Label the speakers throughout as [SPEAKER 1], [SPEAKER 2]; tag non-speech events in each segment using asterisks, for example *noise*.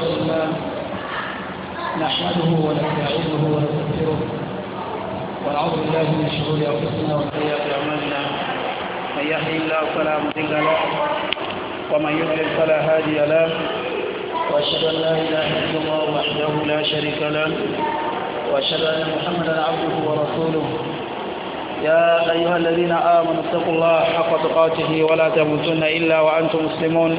[SPEAKER 1] الحمد لله
[SPEAKER 2] نحمده ونستعينه ونستغفره ونعوذ بالله من شرور انفسنا وسيئات اعمالنا من يهدي الله فلا مضل له
[SPEAKER 1] ومن يضلل فلا هادي له واشهد ان لا اله الا الله وحده لا شريك له واشهد ان
[SPEAKER 2] محمدا عبده ورسوله
[SPEAKER 1] يا ايها الذين امنوا اتقوا الله حق تقاته ولا تموتن الا وانتم مسلمون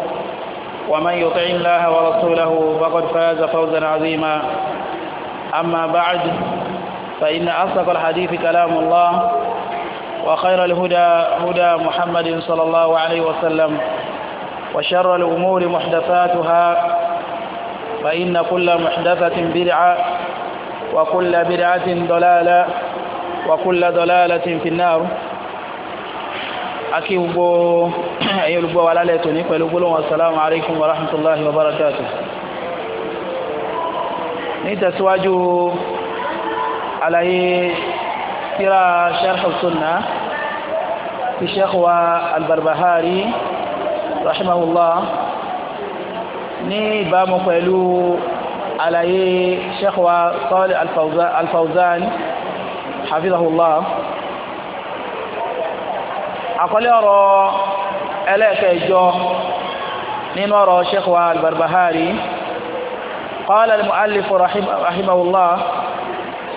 [SPEAKER 1] ومن يطع الله ورسوله فقد فاز فوزا عظيما أما بعد فإن أصدق الحديث كلام الله وخير الهدى هدى محمد صلى الله عليه وسلم وشر الأمور محدثاتها فإن كل محدثة بدعة وكل بدعة ضلالة وكل ضلالة في النار akí gbogbo *clears throat* ẹ̀yin olùgbọ́ wa lálẹ́ tòní pẹ̀lú gbólóhùn assalamu alaikum wa rahmatullahi wa barakatuh ní tẹ̀síwájú àlàyé tírà sharh sunna ti sheikh wa albarbahari rahimahullah ní ìbámu pẹ̀lú àlàyé sheikh wa salih hafizahullah àkọlé ọ̀rọ̀ ẹlẹ́ẹ̀kẹjọ nínú ọ̀rọ̀ sheikh wa albarbahari qala al-mu'allif rahimahullah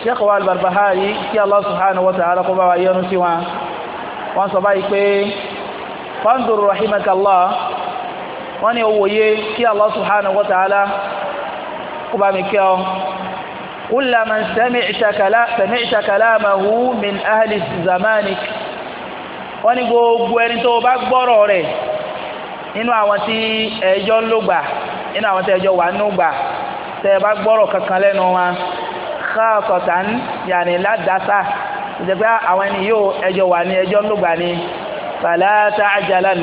[SPEAKER 1] sheikh wa albarbahari kí allah subhanahu wa ta'ala kó bá wa yọ́nú sí wọn wọ́n sọ báyìí pé fandur rahimakallah wọ́n ní òwòye kí allah subhanahu wa ta'ala kó bá mi kí ọ kulla man sami'ta kalamahu min ahli zamanik wọ́n ní gbogbo ẹni tó bá gbọ́rọ̀ rẹ̀ nínú àwọn tí ẹjọ́ ń lò gbà nínú àwọn tí ẹjọ́ wà nù gbà tẹ́ ẹ bá gbọ́rọ̀ kankan lẹ́nu wa ká sọ̀tàn yàní ládàásà ìjẹ́pẹ́ àwọn ẹni yóò ẹjọ́ wà ní ẹjọ́ ń gbà ní fàlàtà àjàlán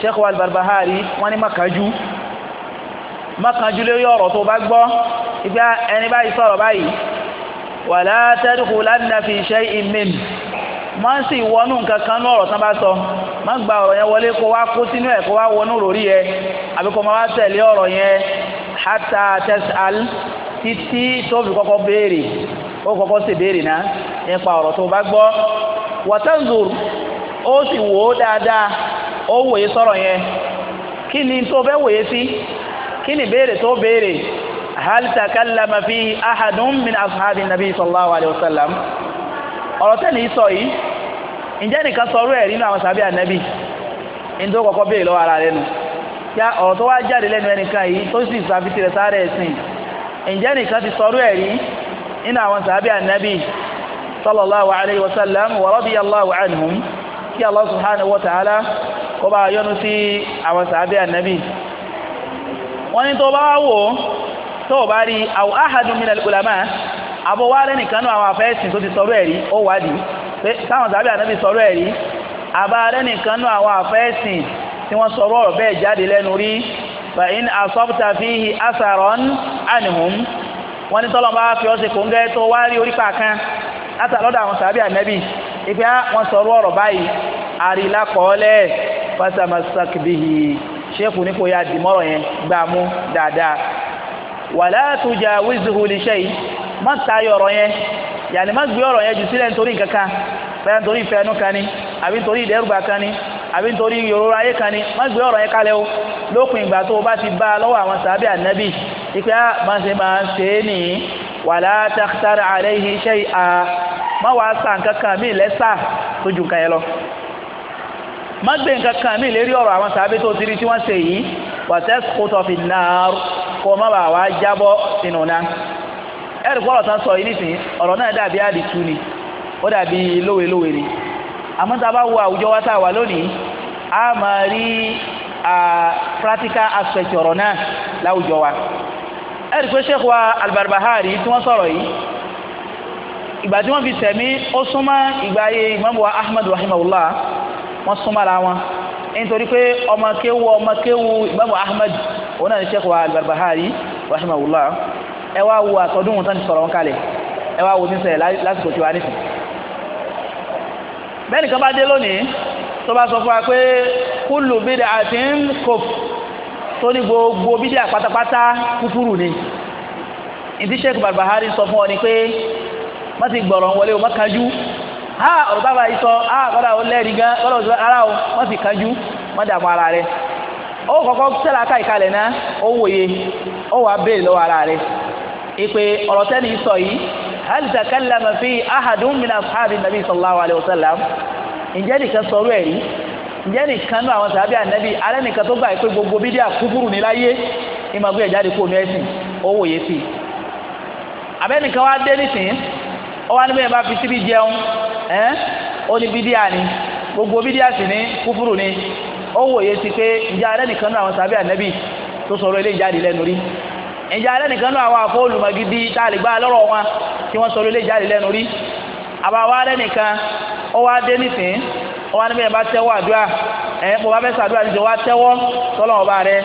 [SPEAKER 1] sheikh wa albarbahari wọ́n ní makajú makajú lórí ọ̀rọ̀ tó bá gbọ́ ìgbà ẹni báyìí sọ̀rọ̀ báyìí wàlá tadkhulanna fi shay'in min ma ń sì wọnú nǹkan kan ní ọ̀rọ̀ tán bá sọ máa ń gba ọ̀rọ̀ yẹn wọlé kó wá kó sínú ẹ̀ kó wá wọnú lórí yẹ àbí kó wá hata tẹ́sàl títí tó fi kọ́kọ́ béèrè ó kọ́kọ́ sì béèrè náà nípa ọ̀rọ̀ tó bá gbọ́ wọ́tẹ́nzùr ó sì wò ó dáadáa ó wòye sọ̀rọ̀ yẹn kí ni tó wòye sí kí ni béèrè tó béèrè fi min nabi sallallahu alayhi wa sallam. ọ̀rọ̀ tẹ́lẹ̀ yìí sọ yìí ǹjẹ́ nìkan sọ ọ̀rọ̀ ẹ̀ nínú àwọn sàbí ànábì ní tó kọ́kọ́ béèrè lọ́wọ́ ara rẹ̀ nu yá ọ̀rọ̀ tó wá jáde lẹ́nu ẹnìkan yìí tó sì sàfitì rẹ̀ sáré ẹ̀sìn ǹjẹ́ nìkan ti sọ ọ̀rọ̀ ẹ̀ rí nínú àwọn sàbí ànábì sallallahu alayhi wa sallam wa radiyallahu anhum kí Allah subhanahu wa ta'ala kó bá yọ́nú sí àwọn sàbí ànábì wọ́n ní tó bá wò tó bá rí àwọn ahadun minal ulama àbọ̀wálẹ̀ nìkan náà àwọn afẹ́sìn tó ti sọ̀rọ̀ ẹ̀rí ó wádìí pé táwọn sábẹ́ ànábì sọ̀rọ̀ ẹ̀rí àbáálẹ̀ nìkan náà àwọn afẹ́sìn tí wọ́n sọ̀rọ̀ ọ̀rọ̀ bẹ́ẹ̀ jáde lẹ́nu rí fàyín asọ́pútà fíhì asàrọ̀n ànihùn wọ́n ní tọ́lọ́mọ́ bá fi ọ́sẹ̀ kóńgẹ́ tó wá rí orí pàkan látàlọ́dọ̀ àwọn sábẹ́ ànábì ìfẹ́ wọn sọ̀rọ̀ ọ̀rọ̀ báyìí àrílá má tayọ ọ̀rọ̀ yẹn yàní má gbé ọ̀rọ̀ yẹn jù sílẹ̀ nítorí nǹkan kan bẹ́ẹ̀ nítorí ìfẹ́ ẹnu kan ni àbí nítorí ìdẹ́rùbà kan ni àbí nítorí ìrora ayé kan ni má gbé ọ̀rọ̀ yẹn kalẹ̀ o lópin ìgbà tó o bá ti bá a lọ́wọ́ àwọn sàábì ànábì ìpè á máa ṣe máa ṣe é nìyí wàlá takhtar alayhi shay'a má wàá sa nǹkan kan mí lẹ́sà tó ju nǹkan yẹn lọ má gbé nǹkan kan mí lérí ọ̀rọ̀ àwọn sàábì tó ti tí wọ́n ṣe yìí wàtẹ́sì kótó fi náà kó má bàa wá jábọ́ sínú náà ẹ̀rì kọ́ ọ̀rọ̀ tán sọ yìí nísìnyí ọ̀rọ̀ náà dàbí àdìtú ni ó dàbí lówelówe ni àmọ́ tá a bá wo àwùjọ wa tá a wà lónìí a máa rí practical aspect ọ̀rọ̀ náà láwùjọ wa ẹ̀rì pé Sheikh wa Al-Barbahari tí wọ́n sọ̀rọ̀ yìí ìgbà tí wọ́n fi sẹ̀mí ó súnmọ́ ìgbà ayé Imam wa Ahmad rahimahullah wọ́n súnmọ́ ara wọn nítorí pé ọmọ kéwu ọmọ kéwu Imam òun náà ni Sheikh wa Al-Barbahari rahimahullah ẹ wá wo àtọ́dún wọn tán sọ̀rọ̀ wọn kalẹ̀ ẹ wo ní ṣẹlẹ̀ lásìkò tí bá dé lónìí tó bá sọ fún wa pé kúlù àti ń tó ní gbogbo bídà pátápátá kúfúrù ni ìdí Sheikh Barbahari sọ fún ọ ni pé ti gbọ̀rọ̀ wọlé o wọ́n kájú ha ọ̀rọ̀ bàbá ha kọ́dà ó lẹ́ẹ̀rí gan kọ́dà ó ara o kájú ìpè ọ̀rọ̀ tẹ́ni sọ yìí hal takallama fi ahadun min ashabi nabi sallallahu alayhi wa sallam ǹjẹ́ nìkan sọ̀rọ̀ ẹ̀rí ǹjẹ́ nìkan náà àwọn sàbí ànábì alẹ́ nìkan tó gbà pé gbogbo bídíà kúfúrú ní láyé ìmọ̀gbé ìjáde kó omi ẹ̀sìn owó yé sí i abẹ́nìkan wá dé nísìnyí ó wá níbẹ̀ bá fi síbi jẹun ẹ́ ó ní bídíà ni gbogbo bídíà sì ní kúfúrú ni owó yé sí pé ǹjẹ́ alẹ́ náà àwọn sàbí ànábì tó sọ̀rọ̀ ilé ìjáde lẹ́nu rí ẹ̀jẹ̀ alẹ́ nìkan náà àwọn àfọ olùmọ̀gidi tá a lè gbá lọ́rọ̀ wọn tí wọ́n sọ lólè jáde lẹ́nu rí àbáwá alẹ́ nìkan ó wá dé nísìn ó wá níbẹ̀ bá tẹ́wọ́ àdúrà ẹ̀ mo bá fẹ́ sàdúrà níjọ wá tẹ́wọ́ tọ́lọ̀ ọba rẹ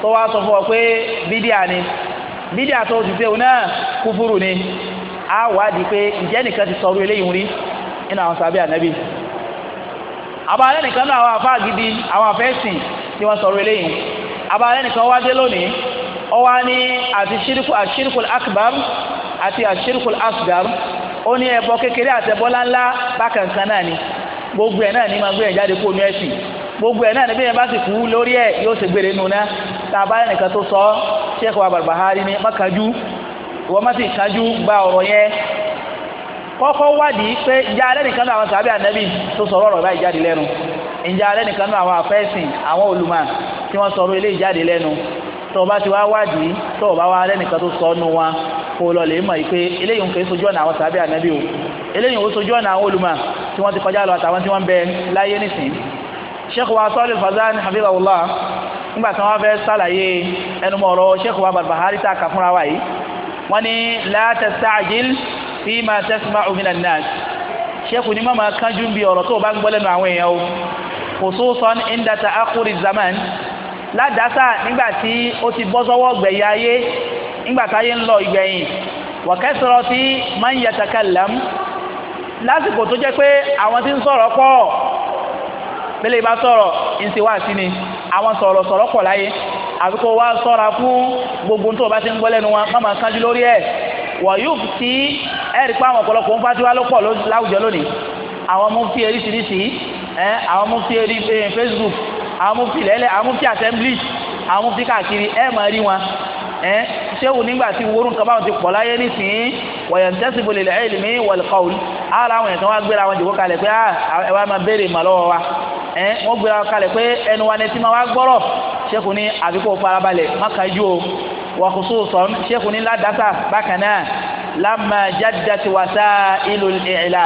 [SPEAKER 1] tó wá sọ fún ọ pé bídíà ni bídíà tó ti ṣe òun náà kúfúrú ni á wádìí pé ǹjẹ́ nìkan ti sọ̀rọ̀ eléyìí rí nínú àwọn sábẹ́ ànábì abalẹ nìkan náà àwọn afa wọn ó wá ní àti ṣírkù àṣírkùl akbar àti àṣírkùl asgar ó ní ẹbọ kékeré àti ẹbọ ńláńlá bákan náà ni gbogbo ẹ̀ náà ní máa gbé ẹ̀ jáde kó nu ẹ̀sìn gbogbo ẹ̀ náà ní bí ẹ̀ bá sì kú lórí ẹ̀ yóò ṣe gbére nu náà tá a bá rẹ̀ nìkan tó sọ ọ́ Sheikh wa Barbahari ní má kánjú ìwọ má sì kánjú gba ọ̀rọ̀ yẹn kọ́kọ́ wádìí pé ìjà alẹ́ nìkan náà àwọn sàbí ànábì tó sọ̀rọ̀ ọ̀rọ̀ báyìí jáde lẹ́nu ìjà alẹ́ nìkan náà àwọn afẹ́sìn àwọn olùmọ̀ tí wọ́n sọ̀rọ̀ eléyìí jáde lẹ́nu tó o bá ti wá wádìí tó o bá wá lẹ́nìkan tó sọ ọ́nù wa kó o lọ lè mọ̀ yìí pé eléyìí ń pè é sojú ọ̀nà àwọn sàbẹ̀ ànábì o eléyìí ó sojú ọ̀nà àwọn olùmọ̀ tí wọ́n ti kọjá lọ àtàwọn tí wọ́n ń bẹ láyé nísìn sheikh wa sọ́ọ́lù fazan habibullah nígbà tí wọ́n fẹ́ sàlàyé ẹnumọ̀ ọ̀rọ̀ sheikh wa barbahari tá a kà fúnra wa yìí wọ́n ní la tastajil fi ma tasma'u minan nas sheikh ládàásà nígbà tí ó ti bọ́ sọ́wọ́ gbẹ̀yà ayé nígbà táyé ń lọ ìgbẹ̀yìn wọ̀kẹ́sọ̀rọ̀ tí máa ń yàtàkà lẹ́m lásìkò tó jẹ́ pé àwọn tí ń sọ̀rọ̀ pọ̀ pélé bá sọ̀rọ̀ ń ti wá sí ni àwọn sọ̀rọ̀ sọ̀rọ̀ pọ̀ láyé àfi kó wá sọ́ra fún gbogbo tó o bá ti ń gbọ́ lẹ́nu wọn má máa kánjú lórí ẹ̀ wọ̀ yóò tí ẹ̀rí pa àwọn ọ̀pọ̀lọpọ̀ ń fásiwá ló pọ̀ láwùjọ lónìí àwọn mufti eríṣiríṣi àwọn mufti erí eh, Facebook àwọn mufti lẹ́lẹ̀ àwọn mufti assembly àwọn mufti káàkiri ẹ̀ máa rí wọn ẹ̀ ṣéwù nígbà tí wóró nǹkan báwọn ti pọ̀ láyé nísìnyí wọ̀yàn tẹ́sibò lè lẹ́yìn lèmi wọ̀lùkọ́wùl ara àwọn ẹ̀sán wa gbéra wọn jòkó kalẹ̀ pé ẹ wá máa béèrè ìmọ̀ lọ́wọ́ wa ẹ̀ wọ́n gbéra wọn kalẹ̀ pé ẹnu wa ni tí ma wá gbọ́rọ̀ ṣéèkù ní àbíkó farabalẹ̀ mọ́kànjú o wa khususan ṣéèkù ní ládàtà bákan náà lámà jáde tiwasa ìlú ìlà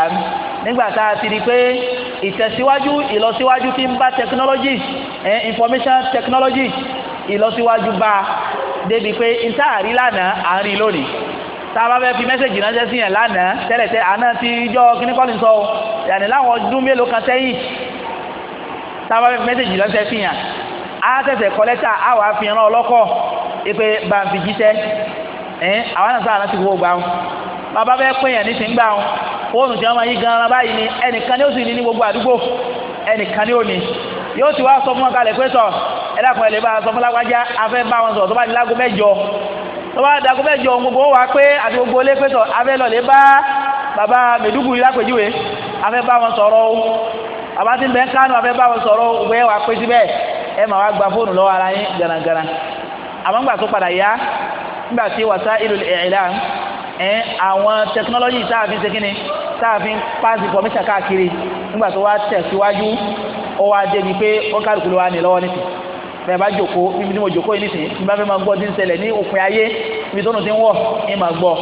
[SPEAKER 1] nígbà tá a ti di pé ìtẹ̀síwájú ìlọsíwájú tí ń bá technology eh, information technology ìlọsíwájú bá débi pé ntaàrí lánàá à ń rí lónìí tá a bá fẹ́ fi mẹ́sẹ̀gì ránṣẹ́ sí yẹn lánàá tẹ́lẹ̀tẹ́ àná ti jọ kíníkọ́ni sọ o yàní láwọn ọdún mélòó kan sẹ́yìn tá a bá fẹ́ fi mẹ́sẹ̀gì ránṣẹ́ sí yẹn á tẹ̀sẹ̀ kọ́ lẹ́tà á wàá fi ràn ọlọ́kọ̀ pé bá ń fi àwọn àná sáà náà ti gbogbo gbà wọn bàbá fẹ́ pè yẹn ní ti ń gbà wọn fóònù tí wọ́n ma yí gan-an báyìí ni ẹnìkan ni ó sì ní gbogbo àdúgbò ẹnìkan ni ó ní yóò ti wá sọ fún wọn ẹ lè bá a sọ fún lágbájá afẹ́ sọ tó bá di mẹ́jọ tó bá mẹ́jọ gbogbo wa pé àti gbogbo pé sọ afẹ́ lọ lè bá bàbá mẹ́dúgùrì lápèjúwe afẹ́ bá wọn sọ̀rọ̀ o bàbá tí ń bẹ afẹ́ bá wọn sọ̀rọ̀ o ìwé wa pé síbẹ̀ ẹ máa wá gba fóònù lọ́wọ́ ẹ àwọn tẹkinọ́lọ́jì tá a fi ṣe kíni tá a fi pass information káàkiri nígbà tó wá tẹ̀síwájú ó wá débi pé ó kálukú ló wá ní lọ́wọ́ nísìn bẹ́ẹ̀ bá jòkó níbi tí mo jòkó yìí nísìn nígbà fẹ́ máa gbọ́ tí ń ṣẹlẹ̀ ní òpin ayé níbi tó nù ti ń wọ̀ ní máa gbọ́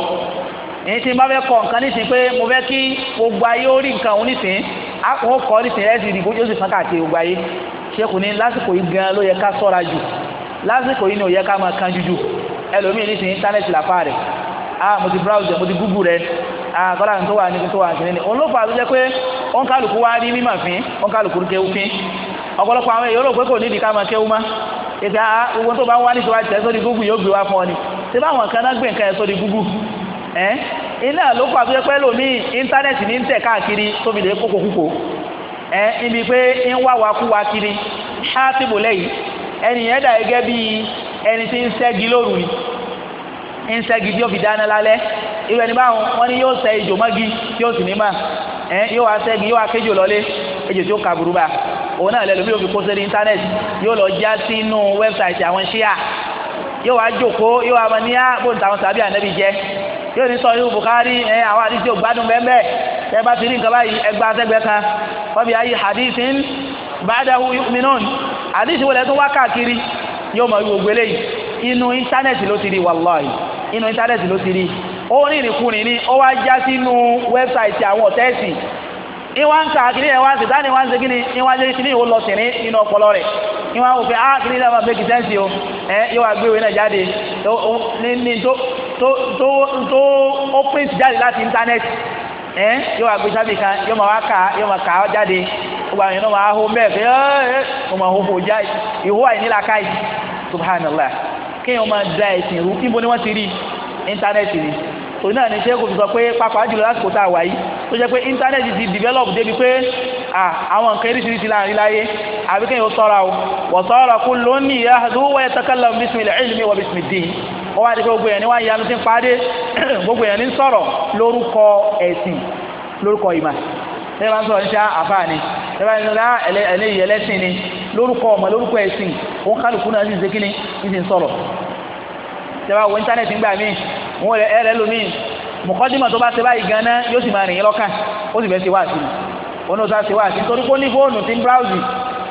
[SPEAKER 1] èyí tí n bá fẹ́ kọ nǹkan nísìn pé mo fẹ́ kí gbogbo ayé ó rí nǹkan òun nísìn àpò ó kọ́ nísìn ẹ̀sìn ìdìbò yóò sì fọ́n káàkiri gbogbo ayé ṣékùn ní lásìkò yìí gan ló yẹ ká sọ́ra jù lásìkò yìí ni ò yẹ ká máa kan jújù ẹlòmíì nísìn íńtánẹ́ẹ̀tì làfáà rẹ̀ ah mo ti browse mo ti google rẹ ah kọ́lá tó wà ní tó wà ní ní òun ló jẹ́ pé òun kálukú wá rí mímọ̀ fín kálukú kéwú fín ọ̀pọ̀lọpọ̀ àwọn èèyàn rò pé kò nídìí ká máa kéwú ètò ah, gbogbo tó ní google yóò gbé wá fún ọ ni ṣé báwọn kan náà gbé google ẹ̀ iná ló fà tó jẹ́ pé íńtánẹ́ẹ̀tì ní tẹ̀ káàkiri tóbi wa kú wa kiri lẹ́yìn ń sẹ́gi tí yóò fi dáná lálẹ́ irú ẹni báwọn wọ́n ní yóò sẹ́ ejò mọ́gi tí yóò sì ní mà ẹ̀ yóò wá sẹ́gi yóò wá kéjò lọ́lé ejò tí ó ka burú bá òun náà lẹ́nu bí yóò fi kó sẹ́ni íńtánẹ́ẹ̀tì yóò lọ já sínú wẹ́bsáìtì àwọn ṣíà yóò wá jòkó yóò wá mọ ní bóun táwọn sàbí ànábì jẹ yóò ní sọ yóò Bukhari ẹ àwọn àdìsí ògbádùn bẹ́ẹ̀ tẹ bá ti rí nǹkan báyìí ẹgbàá sẹ́gbẹ́ kan wọ́n fi ayé hadith ń ba'dahu yu'minun àdìsí wọlé tó wá káàkiri yóò mọ ìwògbélé yìí inú íńtánẹ́ẹ̀tì ló ti di wàlláhì inú íńtánẹ́ẹ̀tì ló ti rí ó ní ìrìnkúrin ní ó wá já sínú wẹ́bsáìtì àwọn ọ̀tẹ́ẹ̀sì ìwà ń ka kìnìún ẹ̀ wá ń sèta ni wá ń segin ni ìwà ń segin ni ìwò lọ sìnrín nínú ọpọlọ rẹ̀ ìwà ń fẹ́ ah kìnìún náà máa fẹ́ kìsẹ́ǹsì o ẹ ìwà gbéwèé náà jáde ní tó tó tó tó ó print jáde láti íńtánẹ́ẹ̀tì ẹ yóò wá gbé sábì kan yóò máa wá kà yóò máa kà á jáde gbogbo àwọn èèyàn máa hó mẹ́ẹ̀ẹ́ fẹ́ ẹ́ ẹ́ ó máa hó fò já ìhó àìnílàkàyè subhanallah kéèyàn máa da ẹ̀sìn rú níbo ni wọ́n ti rí íńtánẹ́ẹ̀tì ni tòun náà ni sẹ́kù fi sọ pé pápá jùlọ lásìkò tá a wà yìí tó jẹ́ pé íńtánẹ́ẹ̀tì ti develop débi pé àwọn nǹkan eréṣiríṣi láàrin láyé àbí kéèyàn sọ́ra o wọ́n sọ́ra kú lónìí yahdu wa yatakallamu bismil ilmi wa bismid din wọ́n wá di pé gbogbo èèyàn ni wọ́n yanu ti ń parí *clears throat* gbogbo èèyàn ni ń sọ̀rọ̀ lórúkọ ẹ̀sìn lórúkọ ìmọ̀ ṣé máa ń sọ̀rọ̀ níṣẹ́ àfáà ni ẹ̀rọ ìlera ẹlẹ́yìí ẹlẹ́sìn ni lórúkọ ọmọ lórúkọ ẹ̀sìn òun kálukú náà sì ń ṣe kíni ní ti ń sọ̀rọ̀ ìjọba wo íńtánẹ́ẹ̀tì ń gbà mí wọn rẹ ẹrẹ lómi mùkọ́dìmọ̀ tó bá ṣe báyìí gan-an yóò sì máa rìn yín lọ́kàn ó sì fẹ́ ṣe wáàsí ni òun náà ṣe wáàsí nítorí pé ní fóònù tí ń bráùzì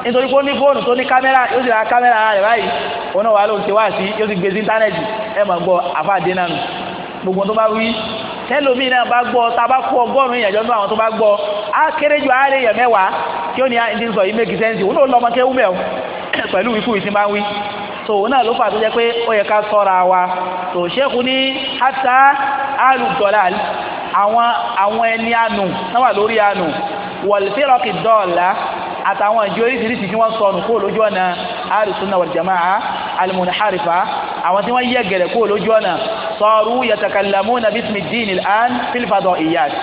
[SPEAKER 1] nítorí pé ní fóònù tó ní kámẹ́rà yóò sì ra kámẹ́rà rẹ̀ báyìí òun náà wà lóun ṣe wáàsí yóò sì gbé e sí íńtánẹ́ẹ̀tì ẹ̀ mọ̀ gbọ́ àfáàdé náà gbogbo tó bá wí tẹ́lómi náà bá gbọ́ tá a bá kó ọgọ́rùn-ún ìyàjọ́ nínú àwọn tó bá gbọ́ á kéré ju àárẹ̀ èèyàn mẹ́wàá tí ó ní ẹni sọ yìí méjì sẹ́ńsì òun náà lọ́mọ kẹ́ wúmẹ̀ o pẹ̀lú wíkú ìsìn máa ń wí so òun náà ló fà tó jẹ́ pé ó yẹ ká sọ́ra wa tó ṣẹ́kù ní hata alùdọ́là àwọn àwọn ẹni àánú náà wà lórí àánú wọ̀lùfẹ́rọ̀kì dọ́ọ̀lá àtàwọn ìjọ oríṣiríṣi tí wọ́n sọnù kúrò lójú ọ̀nà alùsùnà wal jamaa almunharifa àwọn tí wọ́n yẹ gẹ̀rẹ̀ kúrò lójú ọ̀nà sọ̀rù yatakallamuna bismi ddin al'an fil fadaiyat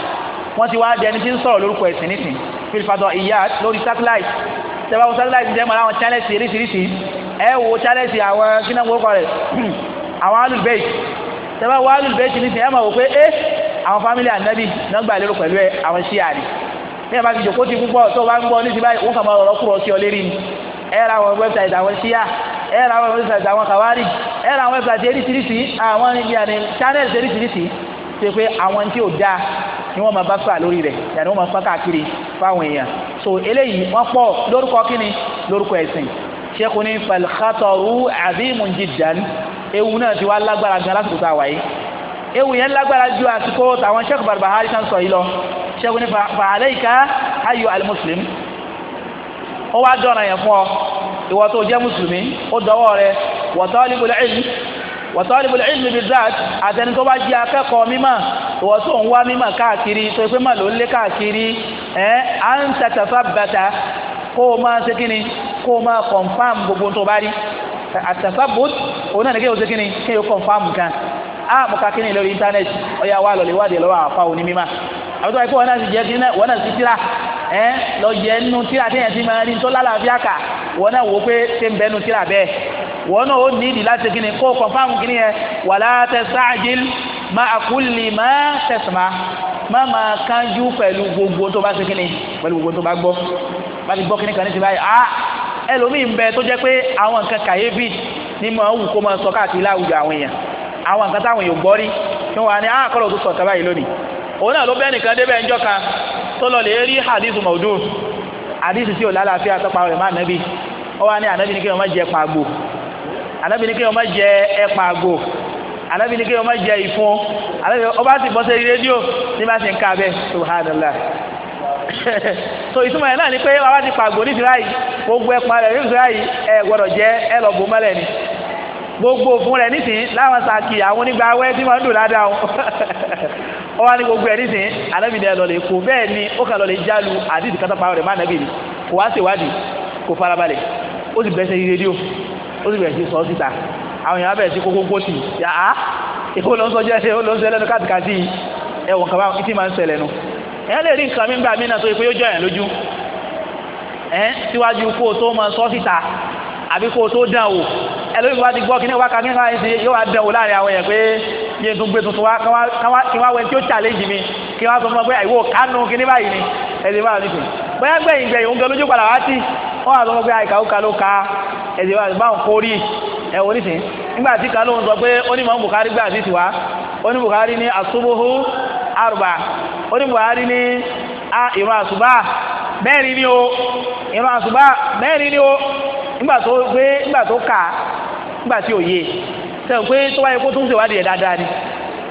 [SPEAKER 1] wọ́n ti wá dẹni tí ń sọ̀rọ̀ lórúkọ ẹ̀sìn nísìn fil fadaiyat lórí satellite tẹ́wọ́ satellite jẹ́ mọ́ àwọn channels oríṣiríṣi ẹ wo channels àwọn kíná gbókọ̀ rẹ̀ *clears throat* àwọn alùbẹ́ẹ̀tì tẹ́wọ́ alùbẹ́ẹ̀tì nísìn ẹ máa eh, ànábì náà gbà lérò pẹ̀lú ẹ àwọn ṣíà ni ní ẹ̀ bá ti jòkó ti púpọ̀ tó o bá ń gbọ́ níṣẹ́ báyìí òun kà máa rọ̀rọ̀ kúrọ̀ sí ọ lérí ni ẹ ra àwọn wẹ́bsáìtì àwọn ṣíà ẹ ra àwọn wẹ́bsáìtì àwọn kàwárì ẹ ra àwọn wẹ́bsáìtì eríṣiríṣi àwọn yàní channels eríṣiríṣi ṣe pé àwọn tí ò dáa ni wọ́n máa bá fà lórí rẹ̀ yàní wọ́n máa fà káàkiri fáwọn èèyàn so eléyìí wọ́n pọ̀ lórúkọ kíni lórúkọ ẹ̀sìn ṣẹ́kù ní falkhataru azimun jiddan ewu náà ti wá lágbára gan lásìkò tá a wáyé ewu yẹn lágbára ju àsìkò tàwọn Sheikh Barbahari kan sọ yìí lọ Sheikh ní fàálẹ́yìká ayò alimuslim ó wá dọ̀nà yẹn fún ọ ìwọ tó jẹ́ mùsùlùmí ó dọwọ́ rẹ wa talibul ilm wa talibul ilm bizat àtẹni tó bá jẹ́ akẹ́kọ̀ọ́ mímọ̀ ìwọ tó ń wá mímọ̀ káàkiri tó pé mọ̀ ló ń lé káàkiri ẹ̀ à ń tẹ̀tẹ̀fà bàtà kó o máa ṣe kíni kó o máa kọ̀ǹfàm gbogbo tó bá rí àtẹ̀fà bòt òun náà ní kéwòn ṣe kíni kéwòn kọ̀ǹfàm gan-an á ah, mo ka kíni lórí íńtánẹ́ẹ̀tì ọ̀yà wa lọ́ọ́ lè wádìí lọ́wọ́ àfa òní mímá àwọn tó wáyé pé wọ́n náà ti jẹ́ kíni wọ́n náà ti tíra ẹ́ lọ jẹ́ nínú tíra téèyàn ti máa rí tó lálàáfíà kà wọ́n náà wò pé ṣé ń bẹ́nu tíra bẹ́ẹ̀ wọ́n náà ó ní ìdí láti kíni kó o kọ̀ǹfàmù kíni yẹn wàlá tẹ̀sáàjìl máa kúlì máa tẹ̀sùmá má máa kánjú pẹ̀lú gbogbo tó bá ṣe kíni pẹ̀lú gbogbo tó bá gbọ́ bá ti gbọ́ kíní kan ní ti báyìí a ah, ẹlòmíì ń bẹ tó jẹ́ pé àwọn nǹkan kàyéfì ni mo wù kó máa sọ káàkiri láwùjọ àwọn nǹkan táwọn èèyàn gbọ́ kí wọ́n wá ní àkọlọ̀ ah, tó sọ̀tà báyìí lónìí òun náà ló bẹ́ẹ̀ nìkan débẹ̀ ẹjọ́ kan tó lọ lè rí hadith maudu hadith tí ò lálàáfíà tọ́pa rẹ̀ má nàbí ó wá ní ànábì ní kí jẹ pàgbò ànábì ní kí jẹ ànábì ní kí wọ́n má jẹ ànábì ó bá sì bọ́ sí rédíò ní bá sì ń *laughs* so ìtumọ̀ yẹn náà ni pé wàá ti gbogbo ẹ̀pà rẹ̀ ẹ̀ gbọ́dọ̀ jẹ́ ẹ̀ gbogbo fún rẹ̀ nísìn láwọn sàkì àwọn onígbà awẹ́ tí wọ́n ń dùn ládàá wọn *laughs* ó wá ní gbogbo ẹ̀ nísìn anábì ní ẹ lọ lè kó bẹ́ẹ̀ ni ó kà lọ lè jálu àdìsí kátàpá rẹ̀ má nàbì ni kò wá ṣèwádìí kò farabalẹ̀ ó sì bẹ́ẹ̀ sẹ́yìn rédíò ó sì bẹ̀rẹ̀ sí sọ síta àwọn èèyàn bẹ̀rẹ̀ sí kókókó sí yà á èkó ló ń sọ jẹ́ ó ló ń sọ ẹlẹ́nu káàtìkàtì ẹ̀wọ̀n kan báwọn ìtì máa ń ṣẹlẹ̀ nu èèyàn lè rí nǹkan mí gbà mí náà tó yẹ pé ó jọ yàn lójú ẹ̀ síwájú kó o tó máa sọ síta àbí kó o tó dán o ẹlòmíì tó bá ti gbọ́ kí ní wákà kí ní wákà ṣe yóò wá dẹ̀wò láàrin àwọn èèyàn pé kí n tún gbé tuntun wá kí wá wẹ́n tí ó challenge mi kí wá sọ fún ọ pé àìwò kánú kí ní báyìí ni ẹ̀sìn báyìí nìkan bóyá gbẹ̀yìn gbẹ̀yìn òun gan lójú padà wá sí wọ́n wà sọ fún ọ pé àìkà ó ka ló ka ẹ̀sìn báyìí báwọn kórìí ẹ wò nísìn nígbà tí kan onye sọ pé onímọ̀ Bukhari gbà àdìsí wa ní asubuhu ní ni o ìrun ni o nígbà tó gbé nígbà tó kà nígbà tí ò yé sẹ́wọ̀n pé tó wáyé kó tún ẹ̀ dáadáa ni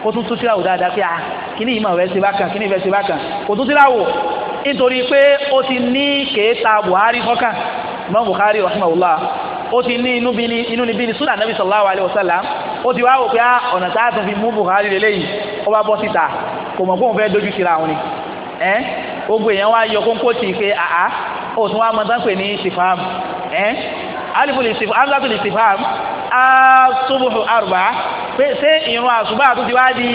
[SPEAKER 1] kó tún tún síláwò dáadáa pé ah kíní yìí máa fẹ́ kíní ṣe kó tún síláwò Buhari fọ́kàn Imam ó ti ní inú bíi inú ni bíi ni sunnah nabi sallallahu alayhi wa sallam ó ti wá wò pé á ah, ọ̀nà tá a tún fi mú buhari lélẹ́yìí ó bá bọ́ síta kò mọ̀ kóun fẹ́ dojú síra àwọn ni ẹ́ gbogbo èèyàn wá yọ kóńkó tì í pé àá ó tún wá mọ tán pè ní istifham ẹ́ alifu lè sifam amzatu lè sifam asubuhu arba pé ṣé ìrun àṣùbà tó ti wá di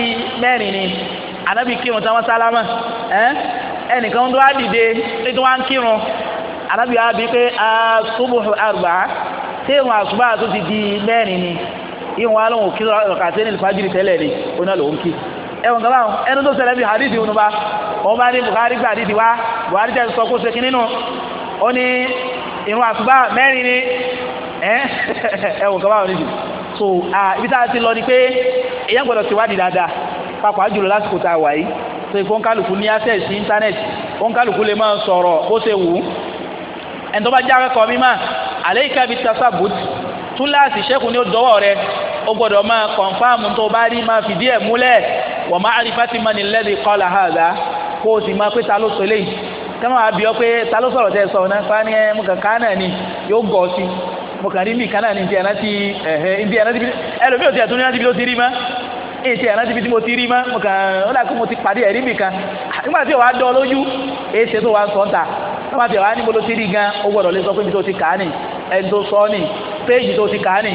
[SPEAKER 1] mẹ́rin ni anabi kírun tí wọ́n sálámà ẹ́ ẹnìkan tó wá dìde tó wá ń kírun anabi wá bí pé asubuhu arba ṣé ìwọ̀n àṣùbà tó ti di mẹ́rin ni ìwọ̀n alóhùn kí ọ̀kà tẹ́lẹ̀ fàájìrì tẹ́lẹ̀ ni oná lòún kí ẹ̀wọ̀n kan báwọn ẹnu tó ṣẹlẹ̀ bí hadithi ònú bá òun bá ní Buhari gbà hadithi wá Buhari jẹ́ sọ kó sekin nínú ó ní ìwọ̀n àṣùbà mẹ́rin ni ẹ̀wọ̀n kan báwọn níbi so ibi tá a ti lọ ni pé èèyàn gbọ́dọ̀ ṣèwádìí dáadáa papọ̀ àjùlọ lásìkò tá a wà yìí so ìfowókálùkù ní access sí íńtánẹ́ẹ̀tì òǹkálùkù ẹni tó bá jẹ́ akẹ́kọ̀ọ́ mímọ́ àléékà bíi tasabut túláàsì ṣẹ́kù ni ó dọwọ́ rẹ ó gbọ́dọ̀ máa kọ̀nfàmù tó bá rí máa fìdí ẹ̀ múlẹ̀ wa ma'rifati man alladhi qala hadha kó o sì máa pé ta ló kẹ́mọ́ àbí ọ pé ta sọ̀rọ̀ tẹ́ sọ náà fa ni ẹ mo kàn ká ni yóò gọ̀ ọ́ sí mo kàn rí mi kan náà ni ìdí ànáti ẹ̀hẹ́ ìdí ànáti bí ẹlòmíì ò ti ẹ̀tún ní ànáti bí ó ti rí mọ́ mo ti rí mọ́ mo kàn ó dà pé mo ti pàdé ẹ̀rí mi kan nígbà tí ò wá dán lójú èsì tó wá ń ń ta wọ́n bá ti wá níbo ló ti rí gan ó gbọ́dọ̀ lè sọ pé ibi tó ti kà á nì ẹni tó sọ ọ́ nì péèjì tó ti kà á nì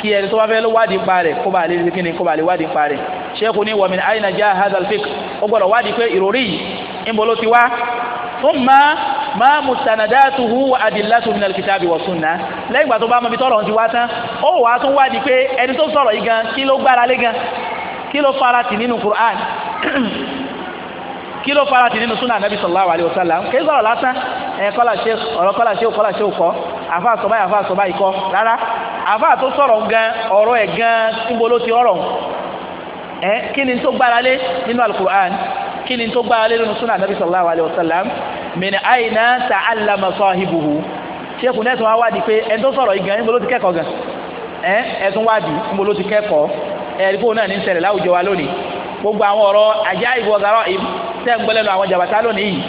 [SPEAKER 1] kí ẹni tó bá fẹ́ wádìí pa rẹ̀ kó bá lè rí kíni kó bá lè wádìí pa rẹ̀ ṣẹ́kù ní wọ̀mí àyìnà já hazal fik ó gbọ́dọ̀ wádìí pé ìròrí yìí ti wá fún ma ma mustanadatuhu wa adillatu min alkitabi wa sunna lẹ́yìn ìgbà tó bá mọ ibi tọ́rọ̀ ti wá tán ó kí ló fara ti nínú súnà nàbí sallallahu alaihi wasallam kí sọ̀rọ̀ lásán ẹ̀ kọ́là ṣe ọ̀rọ̀ kọ́là ṣe kọ́là ṣe kọ́ àfa àsọ̀bá àfa àsọ̀bá ikọ́ rárá àfa tó sọ̀rọ̀ gan ọ̀rọ̀ ẹ̀ gan níbo ló ti ọ̀rọ̀ ẹ̀ kí ni tó gbára lé nínú alukur'an kí ni tó gbára lé nínú súnà nàbí sallallahu alaihi wasallam min aina ta'allama sahibuhu ṣéèkù náà tún wá wádìí pé ẹni tó sọ̀rọ̀ igan níbo ló ti kẹ́kọ̀ọ́ gan ẹ ẹ tún wádìí níbo ló ti kẹ́kọ̀ọ́ ẹ̀ẹ́dìbò náà ní ṣẹlẹ̀ láwùjọ wa lónìí gbogbo àwọn ọ̀rọ̀ àjá ìbò ọ̀gárọ̀ tẹ́ ń gbẹ́lẹ́ lọ àwọn jàbàtà lónìí yìí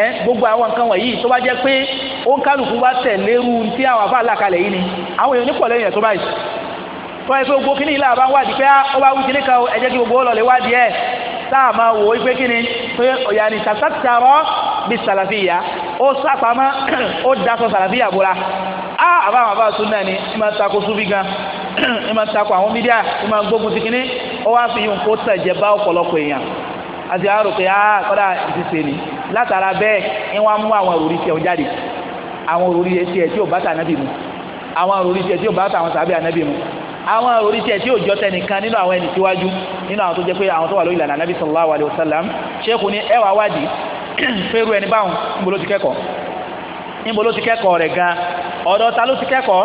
[SPEAKER 1] ẹ gbogbo àwọn nǹkan wọ̀nyí tó bá jẹ́ pé ó kálukú bá tẹ̀lé irú tí àwọn afá làkalẹ̀ yìí ni àwọn èèyàn nípò lẹ́yìn ẹ̀ tó báyìí tó ẹ pé gbogbo kíní ìlà àbá ń wádìí pé ah, ó bá wí kíní kan ẹ jẹ́ kí gbogbo ó lọ lè wádìí ẹ̀ táà máa wò ó pé kíni pé ọ̀yà ni sàtàtàrọ́ bí sàlàfíà ó sàpamọ́ *clears throat* ó dasọ sàlàfíà bóra á ah, àbá àwọn àbá sunna ni ẹ máa takò súfì gan *clears throat* ẹ máa takò àwọn mídíà ẹ máa gbógun ti kíní ó wá fi yín kó tẹ̀jẹ̀ bá ọ̀pọ̀lọpọ̀ èèyàn àti àrò pé á kọ́dà ti ṣe ni látara bẹ́ẹ̀ ni wọ́n á mú àwọn òrùrí tiẹ̀ jáde àwọn òrùrí tiẹ̀ tí ò bá tànábì mu àwọn òrùrí tiẹ̀ tí ò bá tàwọn sàbẹ̀ ànábì mu àwọn òrùrí tiẹ̀ tí ò jọ tẹnìkan nínú àwọn ẹni síwájú nínú àwọn tó jẹ́ pé àwọn tó wà lórí ìlànà ànábì sallallahu alaihi wasallam ṣéèkù ní ẹwà wádìí fẹ́rù *clears throat* ẹni báwọn níbo ló ti kẹ́kọ̀ọ́ níbo ló ti kẹ́kọ̀ọ́ rẹ̀ gan ọ̀dọ̀ ta ló ti kẹ́kọ̀ọ́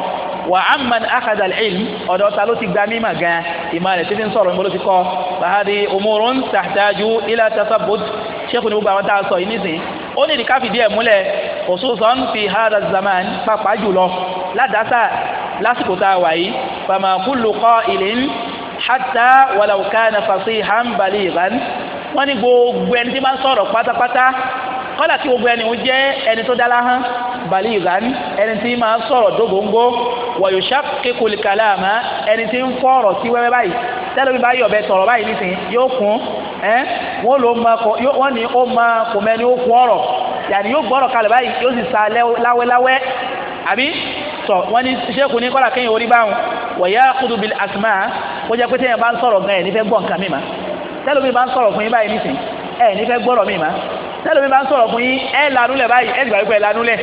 [SPEAKER 1] wà á man akada ilm ọ̀dọ̀ ta ló ti gba mímà gan ìmọ̀ rẹ̀ títí ń sọ̀rọ̀ níbo ló ti kọ́ bahadi umurun tahtaju ila tasabut sẹ́kùn ní gbogbo àwọn tá a sọ yìí nísìnyí ó ní ìdíkà fìdí ẹ̀ múlẹ̀ khususan fi hada zaman pàpà jùlọ ládàásà lásìkò tá a wà yìí fama kullu qa'ilin hatta walau kana fasihan balighan wọ́n ní gbogbo ẹni tí máa ń sọ̀rọ̀ pátápátá kọ́dà kí gbogbo ẹni jẹ́ ẹni tó dára hàn bàlí ìgbàni ẹni tí máa sọ̀rọ̀ dógóńgó wọ̀yọ̀ṣà kékulì kàlámà ẹni tí ń fọ́ ọ̀rọ̀ sí wẹ́wẹ́ báyìí tẹ́lẹ̀bí báyìí ọ̀bẹ sọ̀rọ̀ báyìí nísìnyí yóò kún ẹ́ wọ́n ló máa kọ wọ́n ní ó máa kò mẹ́ni ó kún ọ̀rọ̀ yàní yóò gbọ́rọ̀ kalẹ̀ báyìí yóò sì sa láwẹ́láwẹ́ àbí tọ̀ wọ́n ní asma ó jẹ́ pé téèyàn bá ń sọ̀rọ̀ gan ẹ̀ nífẹ̀ẹ́ gbọ́ nǹkan mi mà tẹ́lẹ̀bí bá ń tẹ́lẹ̀ mi bá ń sọ̀rọ̀ fún yín ẹ lanúlẹ̀ báyìí ẹ gbà wípé ẹ lanúlẹ̀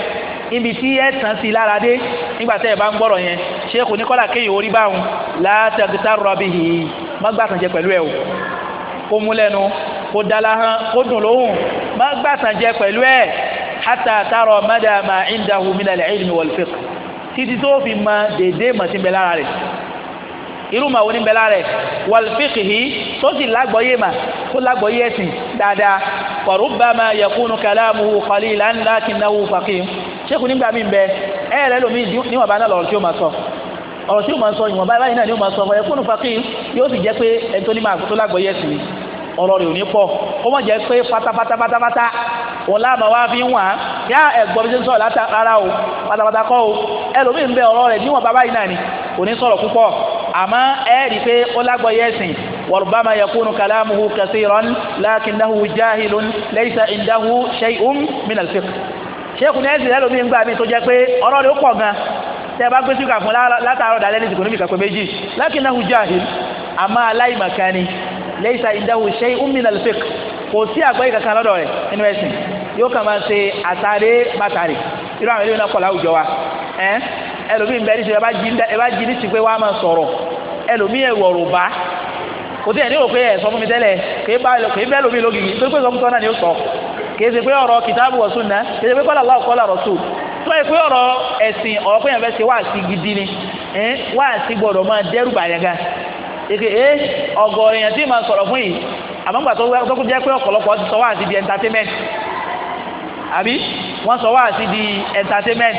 [SPEAKER 1] ibi tí ẹ tàn sí lára dé nígbà tẹ́ ẹ bá ń gbọ́rọ̀ yẹn ṣé kò ní kọ́là kéyìn orí báwọn látẹ̀kítà rọ̀bì yìí má gbà tàn jẹ pẹ̀lú ẹ o kó mú lẹ́nu kó dala hàn kó dùn lóhùn má gbà tàn jẹ pẹ̀lú ẹ hátà tààrọ̀ mádàmá ìndàhùn mílẹ̀ ilmi wal fiqh títí tó irú màá wọ́n ní bẹ́lá rẹ̀ wàlfíkìhì tó sì lágbọ́yé mà tó lágbọ́yé ẹ̀sìn dáadáa farubbama yakunu kalamuhu qalilan lakinnahu faqih ṣékùn nígbà mí bẹ ẹ rẹ lómi níwọ̀n bá náà lọ́rọ̀ tí ó máa sọ ọ̀rọ̀ tí ó máa sọ ìwọ̀n báyìí náà ni ó máa sọ yakunu faqih yóò sì jẹ́ pé ẹni tó ní máa tó lágbọ́yé ẹ̀sìn ni ọ̀rọ̀ rẹ̀ ò ní pọ̀ ó mọ̀ jẹ́ pé pátápátá pátápátá wọn láàmà wá fi ń wà á yá ẹ̀gbọ́n mi ti ń sọ̀rọ̀ rárá o pátápátá kọ́ o ẹlòmíì ń bẹ ọ̀rọ̀ rẹ̀ níwọ̀n bàbá yìí náà ni kò ní sọ̀rọ̀ púpọ̀ àmọ́ ẹ rí i pé ó lágbọ́ yẹ́sìn وربما يكون كلامه كثيرا لكنه جاهل ليس عنده شيء من الفقه شيخ نازل قالوا مين بقى مين tó jẹ́ pé ọ̀rọ̀ rẹ̀ ó pọ̀ gan tẹ́ bá gbé síkà fún látàárọ̀ dalẹ́ ní ìsìnkú níbi kàpẹ́ méjì لكنه جاهل àmọ́ aláìmọ̀kánì ليس عنده شيء من الفقه kò sí àgbáyé kankan lọ́dọ̀ rẹ̀ nínú ẹ̀sìn yóò kàn máa ṣe àtàrí bàtàrí irú àwọn eléyìí náà kọ̀ láwùjọ wa ẹlòmíì ń bẹ níṣẹ́ ẹ bá jí ní ti pé wàá máa sọ̀rọ̀ ẹlòmíì ẹ̀wọ̀ rò bá kò tí ẹ̀ ní rò pé ẹ̀ sọ fún mi tẹ́lẹ̀ kìí bẹ́ẹ̀ lómi lógìgì tó pé sọfún tọ́nà ni ó sọ kìí ṣe pé ọ̀rọ̀ kìtàbù wa sunna kìí ṣe pé qala Allahu qala rasul tó ẹ̀ pé ọ̀rọ̀ ẹ̀sìn ọ̀rọ̀ pé yẹn fẹ́ ṣe wáàsí gidi ni wáàsí gbọ́dọ̀ máa dẹ́rù bàyẹ̀ gan ike ee ọgọ́rin yẹn tí ì máa sọ̀rọ̀ fún yìí àmọ́gbà tó jẹ́ pé ọ̀pọ̀lọpọ̀ ti sọ wáàsí di entertainment àbí wọ́n sọ wáàsí di entertainment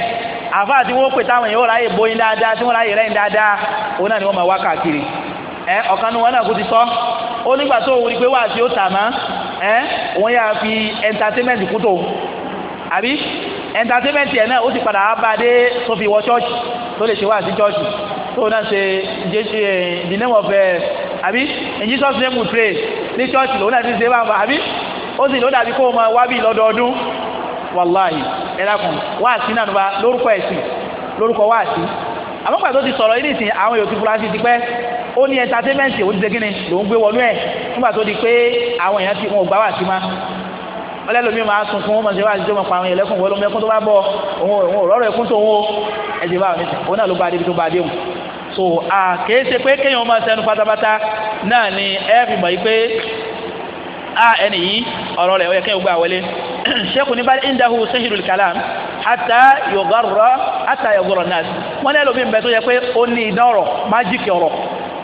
[SPEAKER 1] àfa àti wọn pè táwọn èèyàn ráyè bóyin dáadáa tí wọn ráyè rẹ́yìn dáadáa òun náà ni wọn máa wá káàkiri ẹ ọ̀kan nu wọn náà kò ti sọ ó nígbà tó wù ní pé wàá tí ó tà mọ́ ẹ wọn yà fi entertainment kú tó àbí entertainment yẹn náà ó ti padà bá a dé tó fi wọ church tó lè ṣe wá sí church tó náà ṣe the name of àbí in Jesus name we pray ní church lòun náà ti ṣe bá a bá àbí ó sì ló dàbí kó o máa wá bí lọ́dọọdún wàláhì ẹ̀dàkùn wáàsí náà nípa lórúkọ ẹ̀sìn lórúkọ wáàsí àmọ́ pàtó ti sọ̀rọ̀ yìí nìsín àwọn èèyàn ti fura sí ti pẹ́ ó ní ẹ̀ńtátẹ́mẹ́ǹtì ó ti ṣe kíni ló ń gbé wọnú ẹ̀ nígbà tó di pé àwọn èèyàn ti wọn ò gbá wáàsí má ọlẹ́lómi máa sùn fún ọmọ ìṣẹ́wà àti ìjọba àwọn ẹlẹ́kùn wọlé ọmọ ẹkún tó bá bọ̀ òun òun òrọ́rọ̀ ẹkún tó ń ẹ̀jẹ̀ bá òní òun náà ló bá débi tó bá déhùn so kèé ṣe pé kéèyàn ọmọ ẹsẹ̀ pátápátá náà ni ẹ fi mọ̀ yìí pé a ẹni yìí ọ̀rọ̀ rẹ̀ ó yẹ kéèyàn gbà wọlé sheku ni bali indahu sehirul kalam hata yogarra hata yogarra nas wọn ní ẹlòmíín bẹ tó yẹ pé ó ní idán ọ̀rọ̀ májíkì ọ̀rọ̀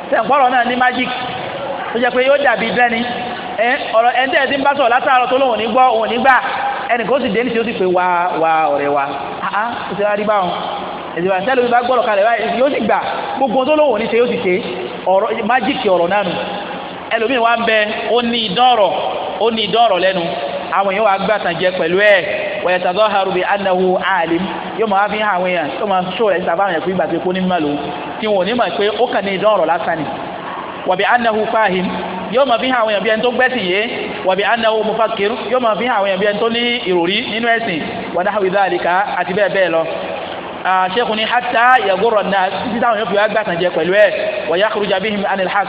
[SPEAKER 1] tẹnpọrọ náà ní májíkì tó yẹ pé yóò dàbí bẹni ẹ ọ̀rọ̀ ẹntẹ ẹtí ń bá sọ látàárọ̀ tó lóun ò ní gbọ́ òun ò ní gbà ẹnì kó sì dé ní ó sì pé wá wá ọ̀rẹ́ wa ah ń bẹ àwọn èèyàn wà gbàtàn jẹ pẹ̀lú ẹ̀ wọ́n yẹtà tó haru bi anahu alim yóò máa fi hàn àwọn èèyàn tó máa sọ ẹ̀ sábà yẹn fún ìgbà kó ní mímọ́ lòun tí wọn ní mọ̀ pé ó kàn ní ìdánwò lásán ni wa bi anahu fahim yóò máa fi hàn àwọn èèyàn bí ẹni tó gbẹ́sìn yé wa bi anahu mufakir yóò máa fi hàn àwọn èèyàn bí ẹni tó ní ìròrí nínú ẹ̀sìn wa nahwi dhalika Ah, sẹ́kùn ní hata yagoro náà títí táwọn yóò fi wá gbàtàn jẹ pẹ̀lú ẹ̀ wọ̀yá kurujà bíi him anil haq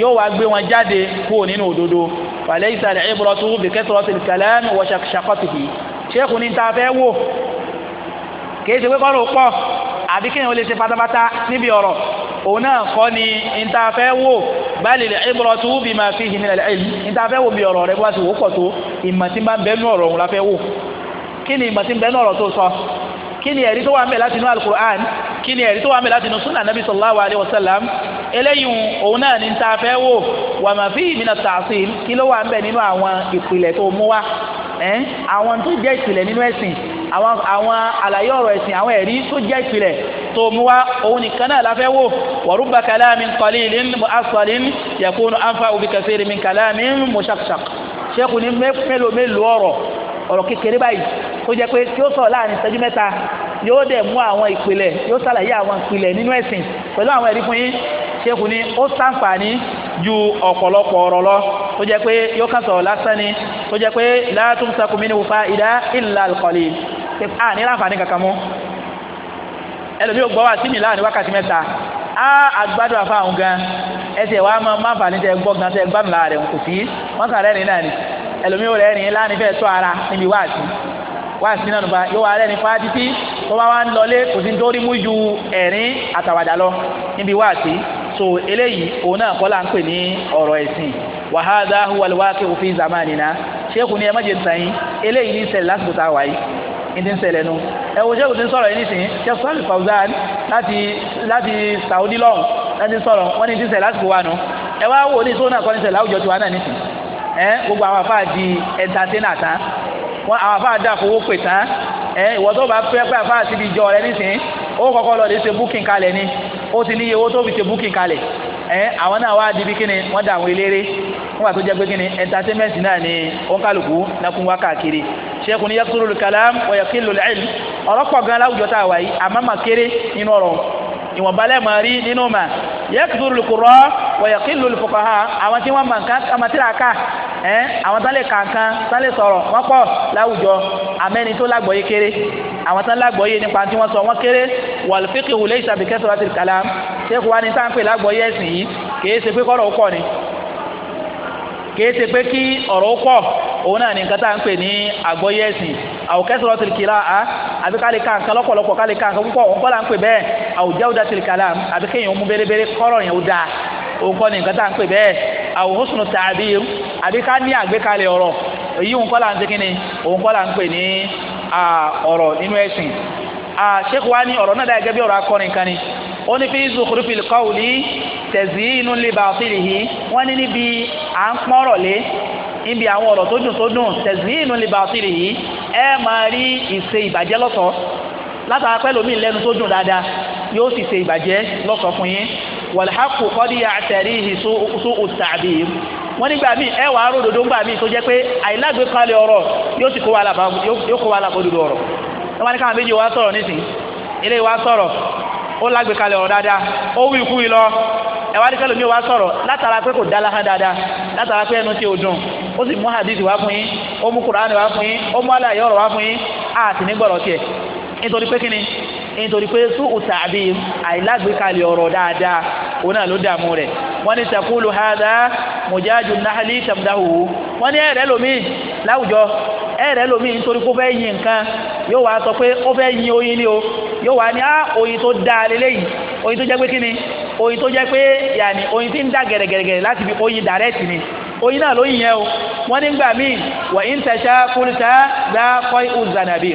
[SPEAKER 1] yóò wá gbé wọn jáde kúrò nínú òdodo wàlẹ́ ìsàlẹ̀ ìbúrọ̀tù bìkẹ́tọ̀rọ̀tì kàlẹ́mù wọ̀ṣàkọ́tìkì sẹ́kùn ní ta fẹ́ wò kìí ṣe pé kọ́ ló pọ̀ àbí kéèyàn ó lè ṣe pátápátá níbi ọ̀rọ̀ òun náà kọ́ ni ntàfẹ́ wò báyìí lè ìbọ̀rọ̀tù bima fihi min al-ilm ntàfẹ́ wò bí ọ̀rọ̀ rẹ bó ṣe wò pọ̀ tó ìmọ̀ tí ń bá ń ọ̀rọ̀ òun la fẹ́ wò kí ni ìmọ̀ tí ń bẹ́nu ọ̀rọ̀ tó sọ kí ni ẹ̀rí tó wà ń bẹ láti inú alukur'an kí ni ẹ̀rí tó wà ń bẹ láti inú sunna nabi sallallahu alayhi wa sallam eléyìí òun náà ní ta fẹ́ wò wà má fi ìmìnà tààsì kí ló wà ń bẹ nínú àwọn ìpìlẹ̀ tó mú wa àwọn tó jẹ́ ìpìlẹ̀ nínú ẹ̀sìn àwọn àwọn àlàyé ọ̀rọ̀ ẹ̀sìn àwọn ẹ̀rí tó jẹ́ ìpìlẹ̀ tó mú wa òun nìkan náà la fẹ́ wò wa kalamin qalilin ọ̀rọ̀ kékeré báyìí tó jẹ́ pé tí ó sọ̀rọ̀ láàrin ìṣẹ́jú mẹ́ta yóò dẹ̀ mú àwọn ìpìlẹ̀ yóò ṣàlàyé àwọn ìpìlẹ̀ nínú ẹ̀sìn pẹ̀lú àwọn ẹ̀rí fún yín ṣéèkù ni ó ṣàǹfààní ju ọ̀pọ̀lọpọ̀ ọ̀rọ̀ lọ tó jẹ́ pé yóò kàn sọ̀rọ̀ lásán ni tó jẹ́ pé látún sakumi ni wùfà ìdá ìlà àlùkọ̀lì ṣe à ní láǹfààní kankan mú ẹlòmí ò gbọ́ wá sí mi láàrin wákàtí mẹ́ta á àgbàdo àfa àwọn gan ẹsẹ̀ wa máa máa fà ní tẹ gbọ́ gan tẹ gbàmìlà rẹ̀ kò sí wọ́n kà rẹ́rìn náà ni ẹlòmíì ò rẹ́rìn lánìí fẹ́ sọ ara níbi wáàsí wáàsí náà nùbà yóò wá rẹ́rìn fún atítí tó bá wá ń lọlé kò sí nítorí mú ju ẹ̀rín àtàwàdà lọ níbi wáàsí so eléyìí òun náà kọ́ là ń pè ní ọ̀rọ̀ ẹ̀sìn wa hadha huwa al-waqi' fi ṣéèkù ni ẹ má jẹ ntàn yín eléyìí ní ṣẹlẹ̀ lásìkò tá a wà yìí ìdí ń ṣẹlẹ̀ nu ẹ wo ṣéèkù ti ń sọ̀rọ̀ yìí nísìnyí ṣéèkù sọ́ọ̀lù Fawzan láti láti Saudi lọ́hùn láti sọ̀rọ̀ wọ́n ní ti lásìkò wa nu ẹ wá wò ní ní ṣẹlẹ̀ láwùjọ tiwa náà nísìnyí ẹ gbogbo àwọn di ẹntatẹ́nà tán wọn àwọn àfáà dà fowó pè tán ẹ ìwọ tó bá fẹ́ pé àfáà síbi jọ rẹ nísìnyí ó lọ lè ṣe búkìn ni ó ti ní iye owó tó fi ṣe búkìn kalẹ̀ ẹ àwọn náà wá dibi kíni wọ́n dà àwọn eléré wọ́n wà tó jẹ́ pé kíni náà ni òǹkàlùkù nàkún wá káàkiri gan láwùjọ tá a wáyé mà kéré nínú rí nínú ẹ àwọn tán lè kankan tán lè sọ̀rọ̀ wọ́n pọ̀ láwùjọ àmẹ́ni tó lágbọ̀ọ́yé kéré àwọn tán lágbọ̀ọ́yé nípa tí wọ́n sọ wọ́n kéré wal fiqhu laysa bi kathratil kalam ṣéèkù wa ni tá à ń pè lágbọ̀ọ́yé ẹ̀sìn yìí kèé ṣe pé kọ́rọ̀ ó pọ̀ ni kèé ṣe pé kí ọ̀rọ̀ ó pọ̀ òun náà ní nǹkan tá à ń pè ní àgbọ̀ọ́yé ẹ̀sìn àwòkẹ́sọ̀rọ̀ tìlìkìlá a àbí ká lè ka nǹkan lọ́pọ̀lọpọ̀ ká lè ka nǹkan púpọ̀ òun kọ́ la ń pè bẹ́ẹ̀ àwùjáwùjá tìlìkàlà àbí kéèyàn mú bérebére kọ́rọ̀ yẹn ó dáa òun kọ́ ni nǹkan tá à ń pè bẹ́ẹ̀ àwòhùsùnù tàbí àbí ká ní àgbékalẹ̀ ọ̀rọ̀ èyí òun kọ́ là ń ṣe kínni òun kọ́ là ń pè ní ọ̀rọ̀ nínú ẹ̀sìn ṣéèkù wa ní ọ̀rọ̀ náà dá gẹ́gẹ́ bí ọ̀rọ̀ akọrin kan ni ó ní fi zukhrufil qawli tazyinu li batilihi wọ́n ní níbi à ń pọ́nrọ̀ lé níbi àwọn ọ̀rọ̀ tó dùn tó dùn tazyinu li batilihi ẹ máa rí ìṣe ìbàjẹ́ lọ́tọ̀ọ́ látara pẹ́ lómi lẹ́nu tó dùn dáadáa yóò sì ṣe ìbàjẹ́ lọ́tọ̀ọ́ fún yín wal haqqu qad ya'tarihi su'u ta'bir wọ́n nígbà míì ẹ wàá rò dodo ńgbà míì tó jẹ́ pé àìlágbèékalẹ̀ ọ̀rọ̀ yóò sì kó wa làbá yóò kó wa làbó dodo ọ̀rọ̀ wọ́n ní káwọn méjì wá sọ̀rọ̀ nísìn ilé wa sọ̀rọ̀ ó ọ̀rọ̀ dáadáa ó wí yìí lọ ẹ wá ní kẹlòmíì wá sọ̀rọ̀ látara pé kò dálá hàn dáadáa látara pé ẹnu tí ò dùn ó sì mú hadith wá fún yín ó mú nítorí pé àìlágbèékalẹ̀ ọ̀rọ̀ dáadáa òun náà ló dààmú mujaju nahali tamdahu wọ́n ní ẹ̀rẹ́ lomi láwùjọ ẹ̀rẹ́ lomi nítorí kó fẹ́ yin nǹkan yóò wá sọ pé ó fẹ́ yin oyin ni o yóò wá ní á ah, oyin tó dáa lélẹ́yìn oyin tó jẹ́ pé kíni oyin tó jẹ́ pé yàní oyin tí ń dà gẹ̀rẹ̀gẹ̀rẹ̀ láti fi oyin dàrẹ́tì ni oyin náà lóyin yẹn o wọ́n nígbà míì wà ń tẹ̀sẹ̀ kúrìtà dá kọ́ ìhùzànàbí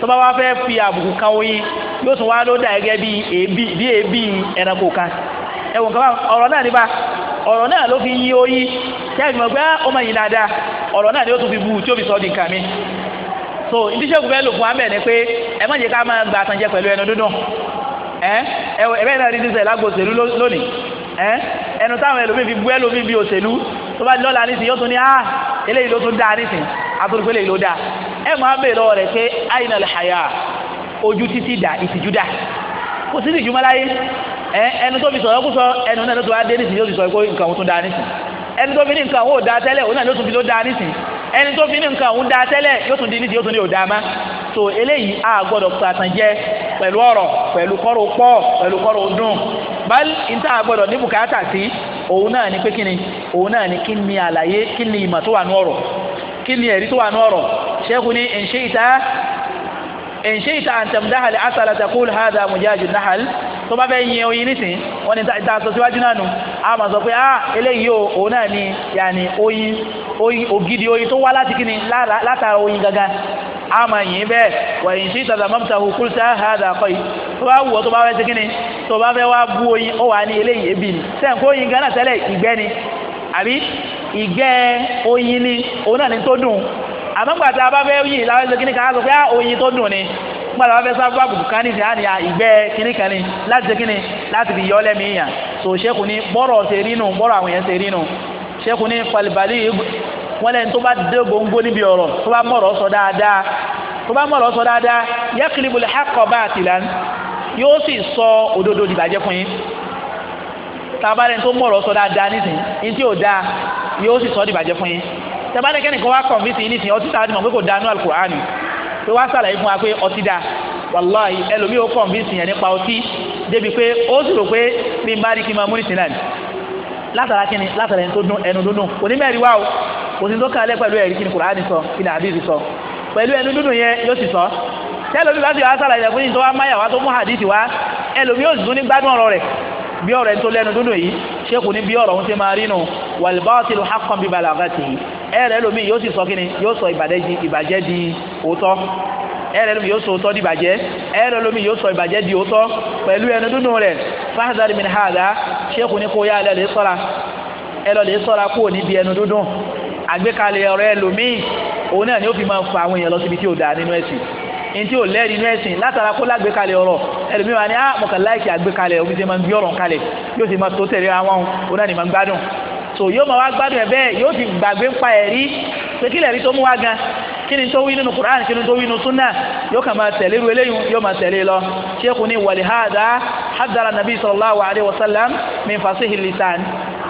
[SPEAKER 1] tó bá wá fẹ́ fi àbùkù kan oyin yóò tún wá ló dà gẹ́gẹ́ bí èébì ẹranko kan ẹ̀wọ̀n kan ọ̀rọ̀ náà nípa ọ̀rọ̀ náà ló fi yí oyí tẹ́ẹ̀mì mọ̀ pé ah, ó mọ̀ yìí dáadáa ọ̀rọ̀ náà ni ó tún fi bú tí ó fi sọ mi so ibi sẹ́gun bẹ́ẹ̀ lò fún amẹ́ ni pé ẹ má jẹ́ ká máa gba àtànjẹ pẹ̀lú ẹnu dúndùn ẹ ẹ bẹ́ẹ̀ náà rí lónìí ẹ ẹnu táwọn ẹlòmíì bu bí tó bá lọ́la yóò tún ní ah eléyìí ló tún dáa ló dáa ẹ lọ́wọ́ rẹ̀ pé ojú títí dà ìtìjú ẹnu tó fi sọ̀rọ̀ kú sọ ẹnu náà ló tó wá dé nísìnyí ó ti sọ pé nǹkan òun tún da nísìn ẹni tó fi ní nǹkan òun ò da tẹ́lẹ̀ òun náà ló tún fi ló da nísìn ẹni tó fi ní nǹkan òun da tẹ́lẹ̀ yóò tún di nídìí yóò tún di ò da má so eléyìí a gbọ́dọ̀ pàtàn jẹ pẹ̀lú ọ̀rọ̀ pẹ̀lú kọ́rọ̀ pọ̀ pẹ̀lú kọ́rọ̀ dùn báyìí níta a gbọ́dọ̀ ní bùkátà sí òun náà ni pé kí ni òun náà ni kí ni àlàyé kí ni ìmọ̀ tó wà ní ọ̀rọ̀ kí ni ẹ̀rí tó wà ní ọ̀rọ̀ ṣẹ́kù ní ẹ̀ṣẹ́ ìta ẹ̀ṣẹ́ ìta àǹtẹ̀mdáhàlì asàlàtàkùl hàdà mùjáàjù náhàlì tó bá fẹ́ yin oyin nísìn wọ́n ní ta sọ síwájú náà nù á máa sọ pé ah eléyìí o òun náà ni yàní oyin oyin ògidì oyin tó wá láti kíni látara oyin gangan á máa yìn bẹ́ẹ̀ wẹ̀yìn sí tàdà mọ́mùtà òkú tá a dà kọ́ yìí tó bá wù ọ́ tó bá fẹ́ sí kíni tó bá fẹ́ wá bú oyin ó wà ní eléyìí ebi ni sẹ́ǹkó oyin gan náà tẹ́lẹ̀ ìgbẹ́ ni àbí ìgbẹ́ oyin ni òun náà ni tó dùn àmọ́ gbàtà bá fẹ́ yìn láwọn ẹgbẹ́ kíni kan á sọ pé ah oyin tó dùn ni gbọ́dọ̀ wọn fẹ́ sábà bá bùkún kánì sí àní ìgbẹ́ kínníkanì láti ṣe kínní láti fi yọ lẹ́mí yàn tó ṣẹ́kù ní bọ́rọ̀ ṣe rí nù bọ́rọ̀ àwọn èèyàn ṣe rí nù ṣẹ́kù ní palibali wọn lẹ́ni tó bá dé gbòǹgbò níbi ọ̀rọ̀ tó bá mọ̀rọ̀ sọ dáadáa tó bá mọ̀rọ̀ sọ dáadáa yaqlibul haqqa batilan yóò sì sọ òdodo dìbàjẹ́ fún yín tabalẹ̀ tó mọ̀rọ̀ sọ dáadáa nísìn ní tí ò dáa yóò tó wá sàlàyé fún wa pé ọtí dáa wàláhì ẹlòmíì ó kọ̀ǹfíìsì yẹn nípa ọtí débi pé ó sì rò pé bí n bá rí kí n máa mú ní sinani látara kí ni látara ẹni tó dún ẹnu dúndùn kò ní mẹ́rin wá o kò sí tó kàn lẹ́ pẹ̀lú ẹ̀rí kí ni Kùránì sọ kí ni àdìsí sọ pẹ̀lú ẹnu dúndùn yẹn yóò sì sọ tẹ́lómi bá sì wá sàlàyé fún yìí tó wá máyà wá tó mú àdìsí wá ẹlòmíì ó sì tún ní gbádùn ọ̀rọ̀ rẹ̀ bí ọ̀rọ̀ ẹni tó lẹ́nu dúdú yìí ṣéèkù ní bí ọ̀rọ̀ òun ṣe máa rí nù wàlbáàtìlù haqqan bí balagati ẹ̀rẹ̀ lómi yóò sì sọ kíni yóò sọ ìbàjẹ́ di òótọ́ ẹ̀rẹ̀ lómi yóò sọ òótọ́ di ìbàjẹ́ ẹ̀rẹ̀ lómi yóò sọ ìbàjẹ́ di òótọ́ pẹ̀lú ẹnu dúdú rẹ̀ fáhàdàrí min hàdá ṣéèkù ní kó yá ẹ lè sọ́ra ẹ lọ lè ẹnu dúdú àgbékalẹ̀ ọ̀rọ̀ ẹlòmíì òun náà ni ó fi máa fa àwọn èèyàn lọ síbi tí ò dáa nínú ẹ̀sìn ní o ò lẹ́rìí inú ẹ̀sìn látara kó lágbèkalẹ̀ ọ̀rọ̀ ẹlòmíì wa ni ah mo kàn láìkì àgbékalẹ̀ òbí ti máa ń bí ọ̀rọ̀ kalẹ̀ yóò ti máa tó tẹ̀lé àwọn òun náà ni máa ń gbádùn so yóò máa wá gbádùn ẹ̀ bẹ́ẹ̀ yóò ti gbàgbé ń pa ẹ̀rí pé kílẹ̀ rí tó mú wá gan kíni tó wí nínú Qur'an kíni tó wí nínú sunna yóò kà máa tẹ̀lé ru eléyìí yóò máa tẹ̀lé e lọ ṣéèkù ní wàlí hàdá hàdàrà nàbí sallallahu alayhi wa sallam min fasihi lisan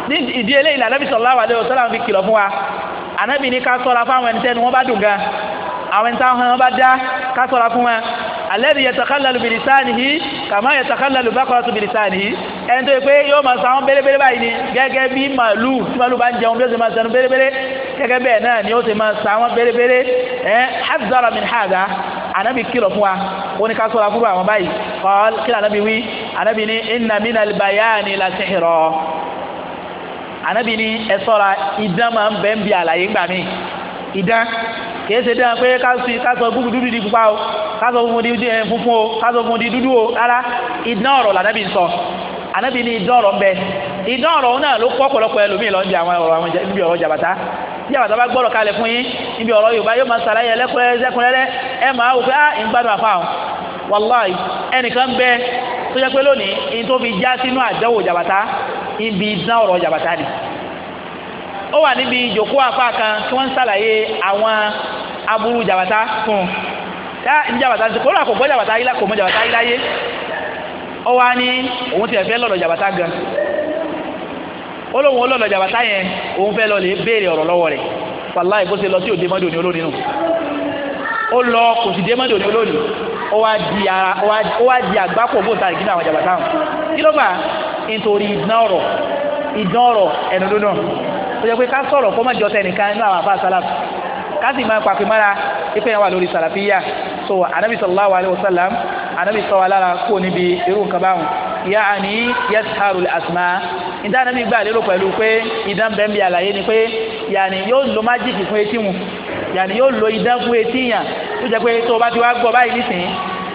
[SPEAKER 1] ní ìdí eléyìí Nabi sallallahu alayhi wa sallam fi kìlọ̀ fún wa ànábì ní ká sọ́ra fáwọn ẹni tẹ́ni wọ́n bá dùn gan àwọn ẹni táwọn wọn bá dá ká ṣọ́ra fún wọn alladhi yatakallalu bilisanihi kama yatakallalu bakaratu bilisanihi ẹni tó yẹ pé yóò máa sàwọn bẹ́lẹ́bẹ́lẹ́ báyìí ni gẹ́gẹ́ bí màlúù tí màlúù bá ń jẹun bí ó ṣe máa sẹnu bẹ́lẹ́bẹ́lẹ́ gẹ́gẹ́ bẹ́ẹ̀ náà ni ó ṣe máa sàwọn bẹ́lẹ́bẹ́lẹ́ ẹ̀ hazara min haza anabi kìlọ̀ fún wa ó ní ká ṣọ́ra fún àwọn báyìí kọ́ọ́l kí anabi kìí ṣe dáa pé ká sọ dúdú di pupa o ká sọ di eh, funfun o ká sọ di dúdú o rárá idán ọ̀rọ̀ lànàbí sọ ànàbí ni idán ọ̀rọ̀ bẹ idán ọ̀rọ̀ náà ló kọ́ ọ̀pọ̀lọpọ̀ ẹlòmíì lọ níbi àwọn ọ̀rọ̀ níbi ọ̀rọ̀ jàbàtà tí jàbàtà bá gbọ́rọ̀ kalẹ̀ fún yín níbi ọ̀rọ̀ Yorùbá yóò máa ṣàlàyé ẹlẹ́kùnrẹ́rẹ́ ẹ máa wò pé á ah, ń gbádùn àfa àwọn wàláì ẹnìkan bẹ tó jẹ́ pé lónìí ó wà níbi ìjòkó apá kan tí wọ́n ń ṣàlàyé àwọn aburú jàbàtà fún un jàbàtà ti kóra kò jàbàtà ayé kò mọ jàbàtà ayé láyé ó wá ní òun ti ẹ̀fẹ́ lọ́dọ̀ jàbàtà gan ó lóun ó jàbàtà yẹn òun fẹ́ lọ béèrè ọ̀rọ̀ lọ́wọ́ rẹ̀ wàláì ṣe lọ sí òde mọ́dọ̀ ní olónìí nù ó lọ kò sì dé mọ́dọ̀ ní ó wá di àwọn jàbàtà hàn kí ló nítorí tó jẹ́ pé ká sọ̀rọ̀ kó má jọtẹ̀ nìkan nínú àwọn àbá sálàf ká sì máa pàpè mára ipe yẹn wà lórí sàlàfíyà so anabi sallallahu alayhi wa sallam anabi sọ̀rọ̀ alára kó níbi irú nǹkan báwọn yaani yasharu asma ìdá anabi gbà lérò pẹ̀lú pé ìdán bẹ́ẹ̀ bí àlàyé ni pé yaani yóò lo májìkì fún etí wọn yàni yóò lo idán fún etí yàn tó jẹ pé tó o bá ti wá gbọ́ báyìí nísìnyí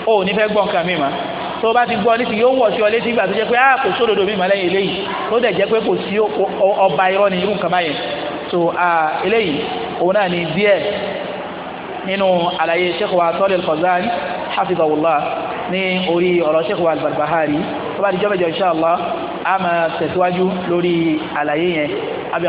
[SPEAKER 1] o ò ní fẹ́ gbọ́ nǹkan mi mọ́ tó bá ti gbọ́ ní ti yóò wọ̀ sí ọ létí ìgbà tó jẹ́ pé ah, kò sódodo mi màá lẹ́yìn eléyìí tó dẹ̀ jẹ́ pé kò sí ọba irọ́ ni irú nǹkan báyẹn so eléyìí òun náà ni díẹ̀ nínú àlàyé Sheikh wa Talil Fawzan hafizahullah ní orí ọ̀rọ̀ Sheikh wa tó bá di jọ́ mẹ́jọ insha a máa tẹ̀síwájú lórí àlàyé yẹn abi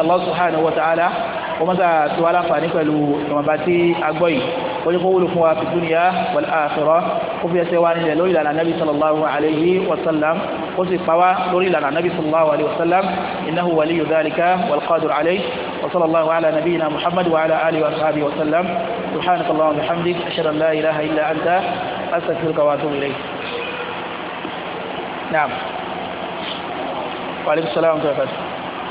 [SPEAKER 1] kó mọ́sá tó wá láǹfààní pẹ̀lú ìwọ̀nba tí a gbọ́ yìí ó ní kó wúlò fún wa fi dúnìyà wal akhirah ó fi ẹsẹ̀ wa nílẹ̀ lórí ìlànà nabi sallallahu alayhi wa sallam ó sì pa wá lórí ìlànà nabi sallallahu alayhi wa sallam innahu waliyu dhalika wal qadir alayhi wa sallallahu ala nabiyyina muhammad wa ala alihi wa sahbihi wa sallam subhanaka wa bihamdik ashhadu an la ilaha illa anta astaghfiruka wa atubu ilayk نعم وعليكم السلام ورحمة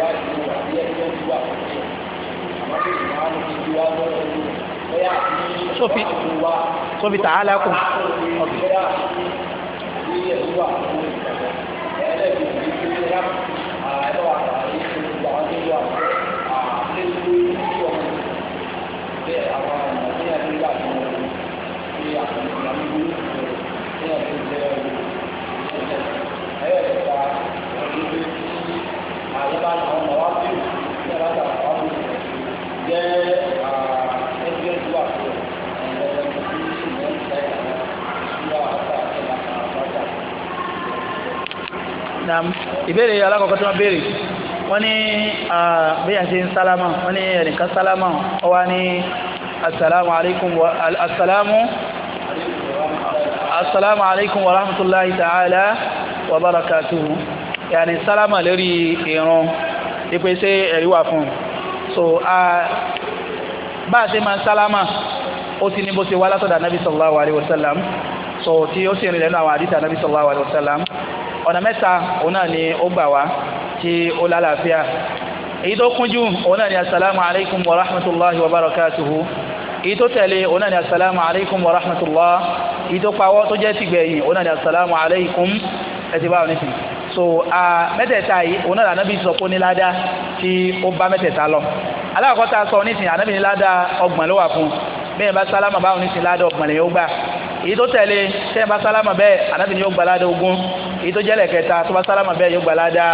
[SPEAKER 2] ìyá ìlú àti ẹgbẹ́ ìlú àkọsí àmọ́ bí ìwà ló ti di wá lọ́wọ́ ìlú bẹ́ẹ̀ àti sófi sófi tààlà kù. bẹ́ẹ̀ àti ìlú àkọsí ẹlẹ́bi ìlú ìlú yá àlọ́ àtàlẹ́ ìlú àwọn ìlú àkọsí àti ìlú ìlú ọmọ bẹ́ẹ̀ àwọn ọmọ ní ẹgbẹ́ ìlú àkọsí ní àkọsí ìlú ìlú ní ẹgbẹ́ ìlú ẹ̀ẹ́dẹ̀ta ìlú àyẹ̀bá àwọn ọmọ wa bí ní ẹ̀rọ àgbà wa bí jẹ́ ẹgbẹ́ ìlú àti ẹ̀rọ tí ìlú ń tẹ̀ ìlú
[SPEAKER 1] àgbà ẹ̀rọ àgbà. ìbéèrè alákọ̀ọ́kọ́ tí wọ́n béèrè wọ́n ní bí a sálámà wọ́n ní ẹnìkan sálámà ọ wá ní assalamu alaikum wa rahmatullahi ta'ala wa barakatuhu yàní sálámà lórí ìrun ìpèsè ẹ̀rí wà fún un so bá a ṣe máa sálámà ó ti ní bó ṣe wá látọ̀dọ̀ anabi sallallahu alayhi wa sallam so tí ó sì rìn lẹ́nu àwọn àdìsí anabi sallallahu alayhi wa sallam ọ̀nà mẹ́ta òun náà ni ó gbà wá tí ó lálàáfíà èyí tó kúnjú òun náà ni asalaamu alaykum wa rahmatulahi wa barakatuhu èyí tó tẹ̀lé òun náà ni asalaamu alaykum wa rahmatulah èyí tó pawọ́ tó jẹ́ tìgbẹ̀yìn òun náà ni asalaamu alaykum ẹ ti bá wọn nísìnyí so mẹ́tẹ̀ẹ̀ta yìí òun náà lànà bí sọ pé ó ní ládàá tí ó bá mẹ́tẹ̀ẹ̀ta lọ alákọ̀ọ́ta sọ nísìnyí ànábì ní ládàá ọgbọ̀n ló wà fún bẹ́ẹ̀ bá sálámà báwọn nísìnyí ládàá ọgbọ̀n lè yóò gbà èyí tó tẹ̀lé tẹ́ẹ̀ bá sálámà bẹ́ẹ̀ ànábì ní yóò gbà ládàá ogún èyí tó jẹ́lẹ̀ kẹta tó bá sálámà bẹ́ẹ̀ yóò gbà ládàá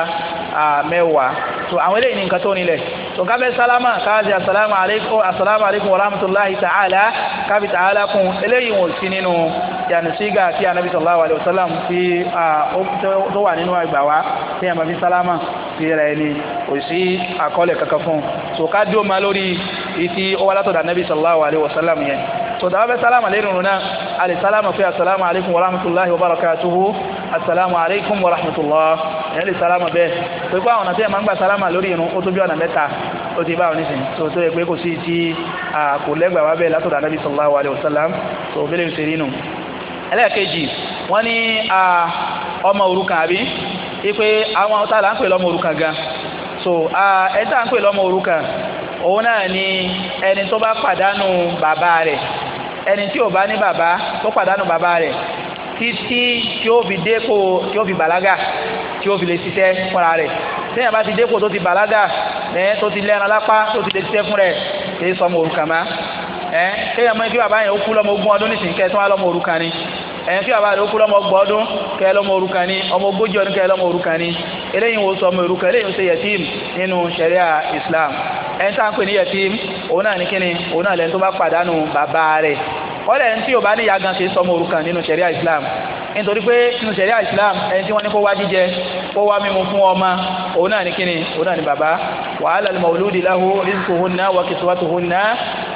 [SPEAKER 1] mẹ́wàá so àwọn eléyìí ní nǹkan tó nílẹ̀ to ka bẹ salama k'a di asalaamu aleykum asalaamu aleykum wa rahmatulahi ta'ala k'a bi ta'ala kun eléyìí wọ́n sí nínú yàní sígà tí anabi sallallahu alayhi wa sallam fi tó wà nínú àgbà wa tí yàrá fi sálámà fi rẹ̀ ni kò sí àkọọ́lẹ̀ kankan fún un so ká dúró ma lórí ìtì ọwọ́látọ̀dà anabi sallallahu alayhi wa sallam yẹn sọdọ abẹ salama lẹnu runa ali salama fi asalaamu aleykum wa rahmatulahi wa barakatuhu asalaamu aleykum wa rahmatulah ẹni ali salama bẹẹ pé kó àwọn àti ẹ̀ máa ń gba salama lórí irun ó tó bí ọ̀nà mẹ́ta ó ti bá àwọn tó tó yẹ pé kò sí ti kò lẹ́gbàá wa bẹ́ẹ̀ látọ̀dọ̀ anabi sallallahu alayhi wa sallam tó bẹ́ẹ̀ ń ṣe rí nù ẹlẹ́ẹ̀kejì wọ́n ní ọmọ òrukàn àbí ipe àwọn ọ̀tá là ń pè lọ́mọ òrukàn gan so ẹni tá à ń pè lọ́mọ òrukàn òun náà ni ẹni tó bá pàdánù bàbá rẹ̀ ẹni tí ò bá ní bàbá tó pàdánù bàbá rẹ̀ títí tí ó fi dépò tí ó fi bàlágà tí ó fi lè ṣiṣẹ́ fúnra rẹ̀ téèyàn bá ti dépò tó ti bàlágà ẹ̀ tó ti lẹ́ran lápá tó ti lè ṣiṣẹ́ fún rẹ̀ kì í sọmọ òrukàn má ẹ̀ téèyàn mọ̀ kí bàbá yẹn ó kú lọ́mọ ogún ọdún nísìnyí kẹ́ tó wá lọ́mọ òrukàn ni ẹ̀yìn kí bàbá rẹ̀ ó kú lọ́mọ gbọ́dún kẹ́ lọ́mọ òrukàn ni ọmọ ogójì ọdún kẹ́ lọ́mọ òrukàn ni eléyìí wo sọ ọmọ òrukàn eléyìí ṣe yẹtìm nínú ṣẹ̀ríà Islam ẹni tá à ń pè ní yẹtìm òun náà ní kíni òun náà lẹ́ni tó bá pàdánù bàbá rẹ̀ kọ́lẹ̀ ẹni tí ò bá ní yàgàn ṣe sọmọ òrukàn nínú ṣẹ̀ríà Islam nítorí pé nínú ṣẹ̀ríà Islam ẹni tí wọ́n ní kó wá jíjẹ kó wá mímu fún ọmọ òun náà ní kíni òun náà ní bàbá wa ala al-mawludi lahu rizquhunna wa kiswatuhunna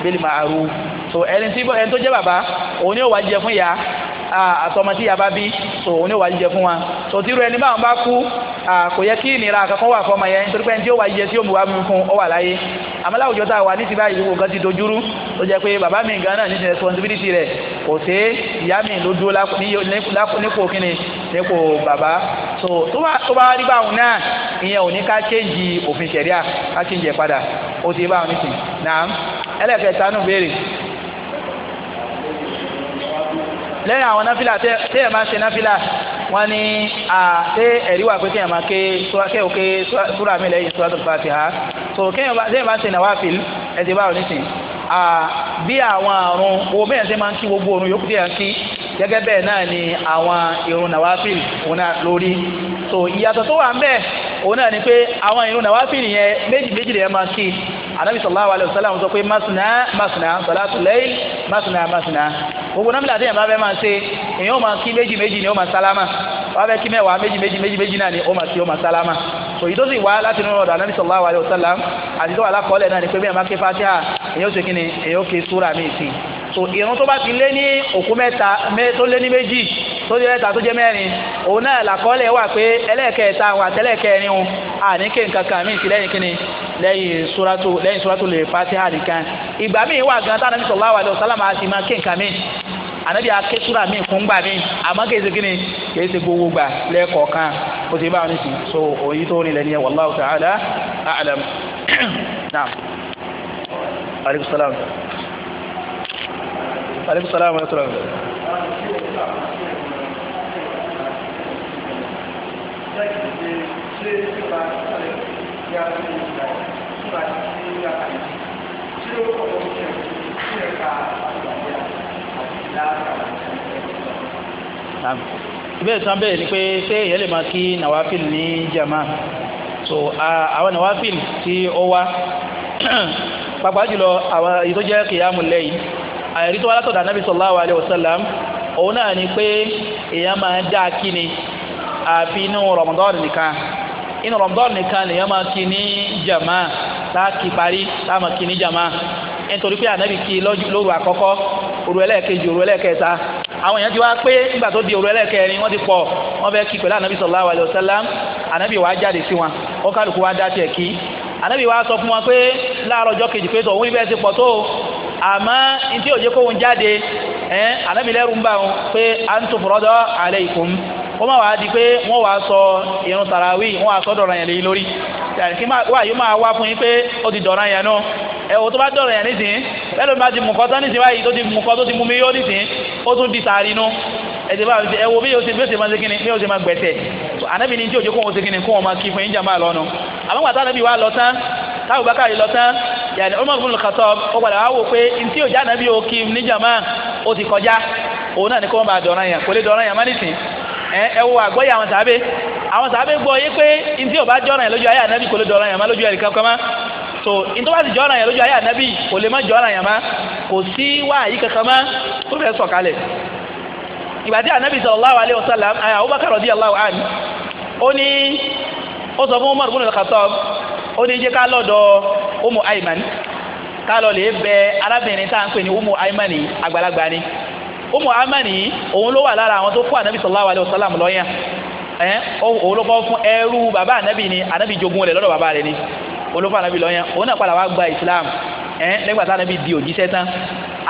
[SPEAKER 1] bil ma'ruf so ẹni tó jẹ́ bàbá òun ni ó wá jíjẹ fún ìyá Ah, àtọmọ tí ìyá bí so òun ni ó fún wa so tírú ẹni báwọn bá kú kò yẹ kí ìnira kankan wà fọmọ yẹn nítorí pé ẹni tí ó wà jíjẹ tí ó mú wa mú fún ọ wà láyé àmọ́ láwùjọ tá a wà ní ti báyìí gbogbo nǹkan ti dojúrú tó jẹ́ pé bàbá mi gan náà ní ti responsibility rẹ̀ kò sí ìyá mi ló dúró nípò kíni nípò bàbá so tó bá rí báwọn náà ìyẹn ò ní ká kéjì òfin ṣẹ̀ríà ká kéjì ẹ̀ padà ó ti báwọn nísìnyí náà ẹlẹ́kẹ̀ẹ́ta nù béèrè lẹ́yìn àwọn náfìlà téèyàn máa ń ṣe náfìlà wọ́n ní àṣẹ ẹ̀rí wà pé kéèyàn máa ké kéèyàn ké súrà mi lẹ́yìn suratul Fatiha so kéèyàn máa ń ṣe nàwáfìl ẹ̀sìn báwọn nísìn bí àwọn àrùn owó bẹ́ẹ̀ ṣe máa ń kí gbogbo òrùn yòókù téèyàn kí gẹ́gẹ́ bẹ́ẹ̀ náà ni àwọn irun nàwáfìl òun náà lórí so ìyàtọ̀ tó wà ń bẹ́ẹ̀ òun náà ni pé àwọn irun nàwáfìl yẹn méjì méjì lè máa kí anabi sallallahu alayhi wa sallam sọ pé masina masina salatu layl masina masina gbogbo náà bílàdé yẹn bá fẹ́ máa ṣe èyàn ó máa kí méjì méjì ni ó máa sálámà wọ́n fẹ́ kí mẹ́wàá méjì méjì méjì méjì náà ni ó máa kí ó máa sálámà so èyí tó sì wá láti inú ọ̀dọ̀ anábì sallallahu alaihi wasallam àti tó wà lákọọ́lẹ̀ náà ni pé bẹ́ẹ̀ máa ké fatiha èyàn ó ṣe kí ni èyàn ó ké súra míì sí so ìrun tó bá ti lé ní òkú mẹ́ta tó lé ní méjì tó jẹ́ mẹ́ta tó jẹ́ mẹ́rin òun náà làkọọ́lẹ̀ wà pé ẹlẹ́ẹ̀kẹta àwọn àtẹlẹ́ẹ̀kẹrin òun àníkè nǹkan kan míì sí lẹ́yìn kí ni lẹ́yìn suratu lẹ́yìn suratu lè fatiha kan. ìgbà míì wà gan tánàbí sallallahu alaihi wasallam àti máa ké nǹkan míì ànábì aké sura míì fún gbà míì àmọ́ kì í kíni kì í gbogbo gbà lẹ́ẹ̀kọ̀ọ̀kan ó ti bá wọn so òyìn tó rìn lẹ́ni wallahu ta'ala a'lam *clears throat* naam aleykum salaam aleykum salaam wa rahmatulah.
[SPEAKER 2] nípa tí ó yà kàlẹ́ sí tí ó kọ̀ lọ́wọ́ sí ẹ̀ka sí ẹ̀ka àgbàdìyà àti ìlànà
[SPEAKER 1] ìbéèrè tán bẹ́ẹ̀ ni pé ṣé èèyàn lè máa kí nàwáfíìl ní jama so àwọn nàwáfíìl tí ó wá *clears throat* pàápàá jùlọ àwọn èyí tó jẹ́ kìyàmù lẹ́yìn àìrí tó wá látọ̀dọ̀ anábì sallallahu alaihi wasallam òun náà ni pé èèyàn máa dá kí ni àfi inú Ramadan inú rọmọdọ́ọ̀nù nìkan lèèyàn máa kí ní jàmá láàkì parí láàmà kí ní jàmá nítorí pé ànábì kí lóru àkọ́kọ́ òru ẹlẹ́ẹ̀kejì òru ẹlẹ́ẹ̀kẹta àwọn èèyàn ti wá pé nígbà tó di òru ẹlẹ́ẹ̀kẹrin wọ́n ti pọ̀ wọ́n fẹ́ kí pẹ̀lú ànábì sallallahu alaihi wasallam ànábì wàá jáde sí wọn ó kálukú wá dá tiẹ̀ kí ànábì wàá sọ fún wọn pé láàárọ̀ ọjọ́ kejì pé tó ibẹ̀ ti pọ̀ tó àmọ́ ntí òjò kóhun jáde ànábì lẹ́rù ń bá wọn pé antum furada alaykum kó má wàá di pé wọ́n wàá sọ irun tàràwí wọ́n wàá sọ dọ̀rọ̀ yẹn lé lórí kí wàá yóò máa wá fún yín pé ó ti dọ̀rọ̀ yẹn nù ẹ tó bá dọ̀rọ̀ yẹn nísìnyí bẹ́ẹ̀ ló máa ti mú kọ́tán nísìnyí báyìí tó ti mú kọ́ tó ti mú mi yó nísìnyí ó tún di sàárì nù ẹ̀dẹ̀ bá ẹ wo bí yóò ṣe bí yóò ṣe máa ṣe kíni bí yóò ṣe máa gbẹ̀tẹ̀ ànábì ní tí òjò kó wọn ṣe kíni kó wọn máa kí fún yín jàmbá lọ́nu àmọ́ gbàtà ànábì wa lọ tán táwọn bá káyọ̀ lọ tán yàrá Umar ibn al ó padà wá wò pé ntí òjò ànábì ó kí ní jàmbá ó ti kọjá òun náà ni kó wọn bá dọ̀ràn yẹn kò lè dọ̀ràn yẹn má nìsín ẹ wo àgbọ́yé àwọn sàábé àwọn sàábé gbọ́ yé pé ntí ò bá jọ́ràn yẹn lójú ayé ànábì kò lè dọ̀ràn yẹn má lójú ẹ̀rí kankan má so ntọ́ bá ti jọ́ràn yẹn lójú ayé ànábì kò lè má jọ́ràn yẹn má kò sí wáàyí kankan má tó fẹ́ sọ̀kalẹ̀ ìgbàdí ànábì sallallahu alaihi wasallam Abubakar radiyallahu anhu ó ní ó sọ fún Umar ibn al-Khattab ó ní jẹ́ ká lọ́dọ̀ Umu Ayman ká lọ lè bẹ arábìnrin tá à ń pè ní Umu Ayman yìí àgbàlagbà ni Ummu Amani òun ló wà lára àwọn tó kó ànábì sallallahu alaihi wasallam lọ́yàn ẹ̀ òun ló kọ́ fún ẹrú bàbá ànábì ni ànábì jogún rẹ̀ lọ́dọ̀ bàbá rẹ̀ ni òun ló fún ànábì lọ́yàn òun náà padà wá gba Islam ẹ̀ lẹ́gbàá tá ànábì di òjíṣẹ́ tán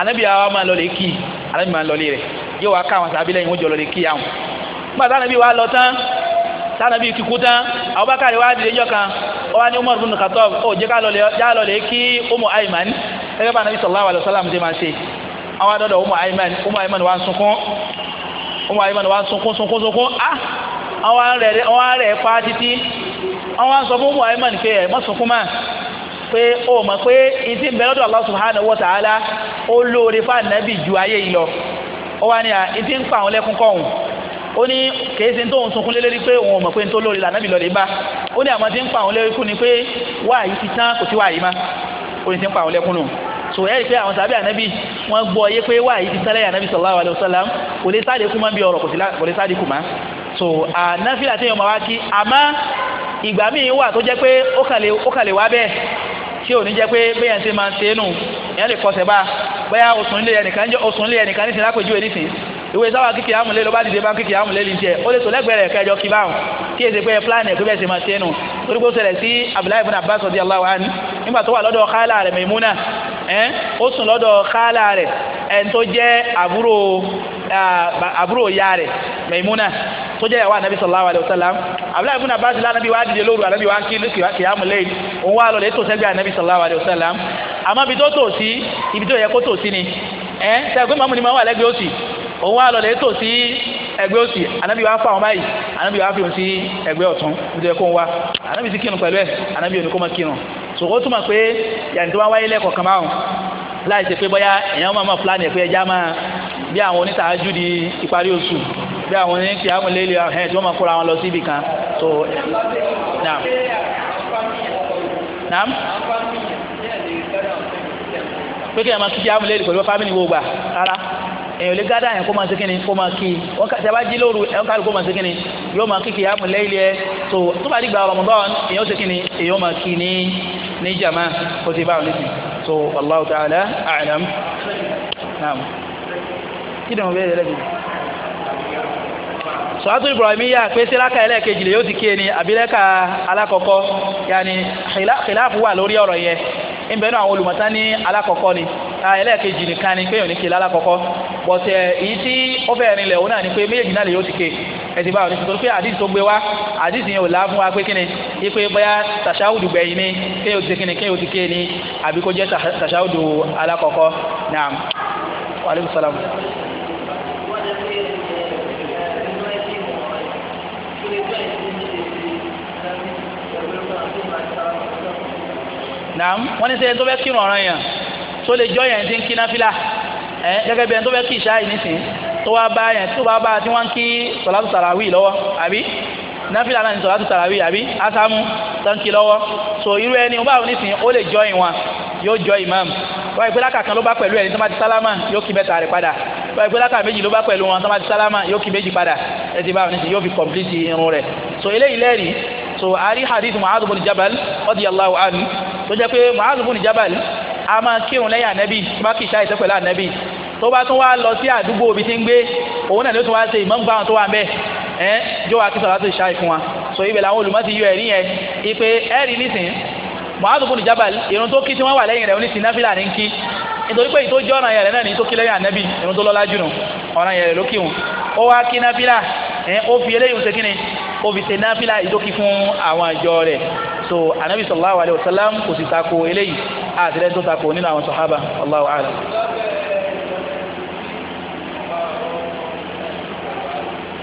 [SPEAKER 1] ànábì àwa máa lọ lè kí ànábì máa lọ lè rẹ̀ yóò wá ká àwọn sàbí lẹ́yìn wọ́n jọ lọ lè kí àwọn nígbà tánábì wá lọ tán tánábì ti kú tán Abubakar wá dìde jọ kan wá ní Umar bin Khattab ó jẹ́ ká lọ lè kí Ummu Ayman gẹ́gẹ́ bá àwọn adọ́dọ̀ ọmọ ayimani ọmọ ayimani wa ń sunkún ọmọ ayimani wa ń sunkún sunkún sunkún ah àwọn arẹ̀ àwọn arẹ̀ pa títí àwọn sọ fún ọmọ ayimani pé ẹ̀ mọ́ sunkún mọ́ pé ó mọ̀ pé ìdí ìbẹ̀lọ́dọ̀ Allah subhanahu wa ta'ala ó lóore fún ànábì ju ayé yìí lọ ó wá ní à ìdí ń pa àwọn lẹ́kún kọ́hún ó ní kèé ṣe ń tóun sunkún lé lérí pé òun ò mọ̀ pé ń tó lóore lànàbì lọ lè bá ó ní àmọ́ ti ń pa àwọn lẹ́kún ni pé ti tán kò sí wáyé má ti ń pa àwọn lẹ́kún so ẹ rí i pé àwọn sábẹ́ ànábì wọ́n gbọ́ yé pé wáyé ti sálẹ̀ ànábì sallallahu alaihi wasallam kò lè sáde kú mọ́ bí ọ̀rọ̀ kò lè sáde kú mọ́ so ànáfíà tí yóò máa wá kí àmọ́ ìgbà míì wà tó jẹ́ pé ó kàn lè wá bẹ́ẹ̀ tí ò ní jẹ́ pé bẹ́ẹ̀ ń ṣe máa ń ṣe é nù ìyẹn lè kọsẹ̀ bá bẹ́ẹ̀ òsùn ilé ẹnìkan ní ti lápèjúwe nísìnyí ìwé sábà kíkì àmúlé ló bá dìde bá kíkì àmúlé ní tiẹ̀ ó lè tó lẹ́gbẹ̀rẹ̀ kẹjọ kí báwọn kí èsì pé plan ẹ̀ pé bẹ́ẹ̀ sì máa ṣe nù torí pé ó ṣẹlẹ̀ sí Abdullahi ibn Abbas radiyallahu anhu nígbà tó wà lọ́dọ̀ khala rẹ̀ Maimuna ẹ̀ ó sùn lọ́dọ̀ khala rẹ̀ ẹ̀ tó jẹ́ àbúrò ya rẹ̀ Maimuna tó jẹ́ ìyàwó anabi sallallahu alayhi wa sallam abdullahi ibn abbas lánàbí wàá dìde lóru anabi wàá kí kìyàmù lẹ́yìn òun wàá lọlẹ tó sẹgbẹ anabi sallallahu alayhi wa sallam àmọ́ ibi tó tò sí ibi tó yẹ kó tò sí ni ẹ sẹgbẹ mamu ni ma wà lẹ́gbẹ̀ẹ́ òsì òun wà lọ́lẹ̀ ètò sí ẹgbẹ́ òsì anábì wà fáwọn báyìí anábì wà fi òun sí ẹgbẹ́ ọ̀tún níbi ẹ̀kọ́ wa anábì ti kírun pẹ̀lú ẹ̀ anábì òní kó máa kírun so ó túmọ̀ pé yàtí wọ́n wáyé lẹ́kọ̀ọ́ kan márùn láì ṣe pé bóyá èèyàn máa máa fúlàní ẹ̀ pé ẹja máa bí àwọn onítàájú di ìparí oṣù bí àwọn oníkìyàmùlélẹ̀ ẹ̀ tí wọ́n máa kóra wọn lọ sí ibì kan èèyàn lè gádà yẹn kó máa sékìnì kó máa kí wọn kà tẹ́ bá jí lóru ẹ̀ kárì kó máa sékìnì yóò máa kí kìyàmù lẹ́yìn ẹ̀ tó tó bá dìgbà Ramadan èèyàn sékìnì èèyàn máa kí ní ní jàmá kó ti bá wọn nísìn tó Allahu ta'ala a'lam naam kí ni mo bẹ̀rẹ̀ lẹ́bi. sọ́wọ́tò ibrahim yà pé síláka ẹlẹ́ẹ̀kejì lè yóò ti kí ẹni àbílẹ́ka alákọ̀ọ́kọ́ yàní khilaf wà lórí ọ̀rọ̀ yẹn ìbẹ̀rù àwọn olùmọ̀tá ní alákọ̀ọ́kọ́ ni ah, ẹlẹ́ẹ̀kejì nìkan ni pé òní kí lálákọ̀ọ́kọ́ bọ̀tẹ̀ eh, èyí tí ó fẹ́ rinlẹ̀ òun náà ni pé méjèèjì náà lè yóò ti ké ẹ̀sìn báwọn nítorí pé àdìsí tó gbé wá àdìsí yẹn ò lá fún wa pé kíni ipe bóyá tàṣáwùdù gbẹ̀yìn ni kéyìn ó ti kíni kéyìn ó ti ké ni àbí kó jẹ́ tàṣáwùdù alákọ̀ọ́kọ́ naam wàlúù sálàm. naam wọ́n ní sẹ́yìn tó fẹ́ kírun ọ̀ràn yẹn tó lè jọ́ yẹn ti ń kí náfìlà ẹ eh, gẹ́gẹ́ bí tó fẹ́ kí ìṣáì nísìn tó wá bá yẹn tó bá bá tí wọ́n kí sọ̀látù tàràwì lọ́wọ́ àbí náfìlà náà ní sọ̀látù tàràwì àbí ásámù tó ń so irú ẹni ó bá wọn nísìn ó lè join wọn yóò join imam wọ́n ìpínlẹ̀ àkàkan ló bá pẹ̀lú ẹni tó má ti sálámà yóò kí mẹ́ta rẹ̀ padà wọ́n ìpínlẹ̀ àkàkan méjì ló bá pẹ̀lú wọn tó má ti sálámà yóò kí méjì padà ẹ bá wọn nísìn yóò fi complete irun rẹ̀ so eléyìí lẹ́rìí so àárí hadith mu'adh bin jabal radiyallahu anhu tó jẹ́ pé mu'adh bin jabal a máa kírun lẹ́yìn ànẹ́bí bá kì í ṣáà ìṣẹ́ pẹ̀lú tó bá tún wá lọ sí àdúgbò òbí tí ń gbé òun náà ló tún wá ṣe ìmọ̀ ń gbà wọn tó wà ń bẹ̀ ẹ́ jó wa kí sọ̀rọ̀ tó ṣá ìfún wa so ibẹ̀ làwọn olùmọ̀ ti yọ ẹ̀rí yẹn ipe ẹ̀rí nísìn Mu'adh ibn Jabal irun tó kí tí wọ́n wà lẹ́yìn rẹ̀ ó ní sin náfìlà ní kí nítorí pé ìtòjọ́ ọ̀ràn yẹn rẹ̀ náà ní tó kí lẹ́yìn ànábì irun tó lọ́lá jùlọ ọ̀ràn yẹn rẹ̀ ló kí wọn ó wá kí náfìlà ẹ̀ ó fi eléyìí ṣe kí ni ó fi ṣe náfìlà ìdókì fún àwọn àjọ rẹ̀ so anabi sallallahu alayhi wa sallam kò sì tako eléyìí àtìlẹ́yìn tó tako nínú àwọn sahaba Allahu a'lam.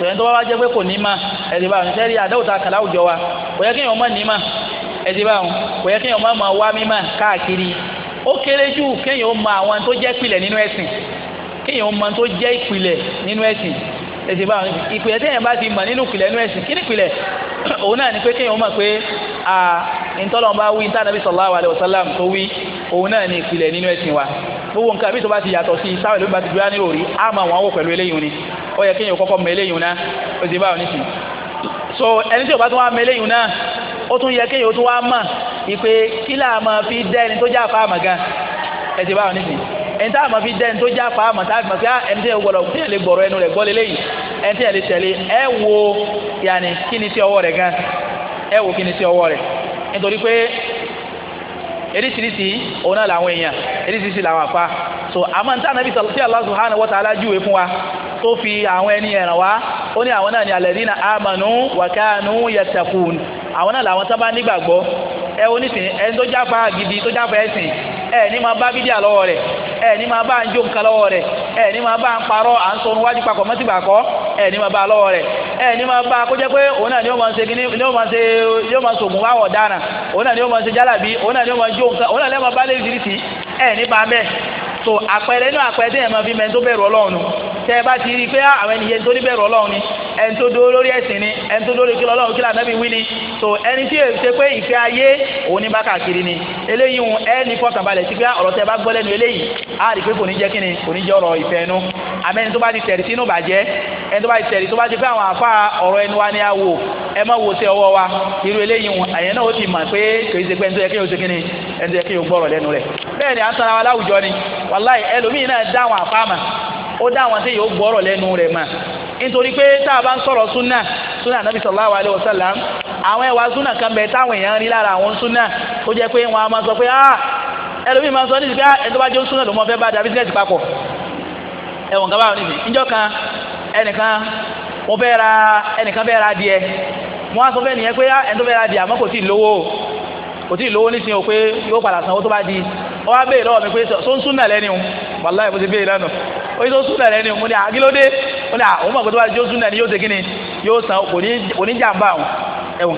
[SPEAKER 1] sọ yẹn tó bá wá jẹ́ pé kò ní ma ẹ̀sìn bá wọn sẹ́rí àdáwò ta kàlà àwùjọ wa kò yẹ kéèyàn má ní ma ẹ̀sìn bá wọn kò yẹ kéèyàn má máa wá mímà káàkiri ó kéré jù kéèyàn ó mọ àwọn tó jẹ́ ìpìlẹ̀ nínú ẹ̀sìn kéèyàn ó mọ tó jẹ́ ìpìlẹ̀ nínú ẹ̀sìn ẹ̀sìn bá wọn ìpìlẹ̀ téèyàn bá ti mọ̀ nínú ìpìlẹ̀ nínú ẹ̀sìn kí ni ìpìlẹ̀ *clears throat* òun náà ni pé kéèyàn ó mọ̀ pé à ntọ́lọ́n wí ntá nàbí sallallahu alaihi wasallam tó wí òun náà ni ìpìlẹ̀ nínú ẹ̀sìn wa gbogbo nǹkan àbí tó bá ti yàtọ̀ sí sáwọn ìlú bá ti dúró ní òrí á máa wọn wò pẹ̀lú eléyìí ni ó yẹ kéèyàn kọ́kọ́ mẹ́lẹ́ yìí náà ó ti bá wọn nísìnyí so ẹni tí ó bá tún wá mẹ́lẹ́ yìí náà ó tún yẹ kéèyàn ó tún wá mọ̀ ìpè kí là máa fi dẹ́ ẹni tó já fa àmọ̀ gan ẹ ti bá wọn nísìnyí ẹni tá a máa fi dẹ́ ẹni tó já fa àmọ̀ tá a fi mọ̀ sí ah, ẹni tí ẹ gbọ́dọ̀ tí ẹ lè gbọ̀rọ̀ ẹnu rẹ̀ gbọ́ lélẹ́yìí ẹni tí ẹ lè tẹ̀lé ẹ wo yàní kí ni sí ọwọ́ rẹ̀ gan ẹ wo kí ni sí ọwọ́ rẹ̀ nítorí pé eríṣiríṣi so àmọ́ ní tá a nàbí sọ̀rọ̀ sí Allah subhanahu wa ta'ala júwe wa tó fi àwọn ẹni ẹ̀ràn wá ó ní àwọn náà ní alladhina amanu wa kanu yattaqun àwọn náà làwọn tó bá nígbàgbọ́ ẹ onísìn ẹni tó jáfa gidi tó jáfa ẹ̀sìn ẹ ní máa bá bídíà lọ́wọ́ rẹ̀ ẹ ní máa bá ń jó nǹkan lọ́wọ́ rẹ̀ ẹ ní máa bá ń parọ́ à ń sọ ohun wájú papọ̀ mọ́tìgbà kọ́ ẹ ní máa bá lọ́wọ́ rẹ̀ ẹ ní máa bá kó jẹ́ pé òun náà ni ó máa ṣe kíní ni ó máa ń ṣe ni ó máa ń wáwọ̀ dáná òun náà ni ó máa ń ṣe jálàbí òun náà ni ó máa jó nǹkan òun náà lẹ́ẹ̀ máa bá lé so àpẹẹrẹ inú àpẹẹrẹ téèyàn máa fi mẹ́ni tó bẹ̀rù ọlọ́run nù tẹ́ ẹ bá ti rí i pé ah, àwọn ènìyàn tó ní bẹ̀rù ọlọ́run ni ẹni tó dúró lórí ẹ̀sìn ni ẹni tó dúró lórí kílọ̀ ọlọ́run kílọ̀ ànábì wí ni so ẹni tí èyí ṣe pé ìfẹ́ ayé òun ní bá káàkiri ni eléyìí hun ẹ ní fọkànbalẹ̀ sí pé ah, ọ̀rọ̀ tẹ́ bá gbọ́ lẹ́nu eléyìí á rí i pé kò ní jẹ́ kí ni kò ní jẹ́ ọ̀rọ̀ ìfẹ́ ẹnu àmẹ́ni tó bá ti tẹ̀rí sínú bàjẹ́ ẹni tó bá ti tẹ̀rí tó bá ti fẹ́ àwọn àfa wàláì ẹlòmíì náà dá àwọn àfáàmà ó dá àwọn tí yóò gbọ́rọ̀ lẹ́nu rẹ̀ mà nítorí pé tá a bá ń sọ̀rọ̀ súnà súnà nàbì sallallahu alaihi wasallam àwọn ẹwà súnà kan bẹ táwọn èèyàn rí lára àwọn súnà ó jẹ́ pé máa sọ pé ah ẹlòmíì máa sọ ní ah! ẹni tó bá jẹ́ súnà ló fẹ́ bá da papọ̀ kan báwọn kan ẹnìkan mo fẹ́ ra ẹnìkan fẹ́ ra adìẹ sọ fẹ́ nìyẹn pé ah! ẹni tó fẹ́ ra adìẹ àmọ́ kò tí ì lówó o pé yóò padà sanwó tó bá di ó wá béèrè lọ́wọ́ mi pé sọ ń súnà lẹ́ni o wàláhì ìbùsùn béèrè lánàá ó yẹ sọ súnà lẹ́ni o mo ní àgílódé ó ní àwọn ọmọ ìgbàdúrà yóò súnà ni yóò ṣe ni yóò san oníjàmbá àwọn ẹ̀wọ̀n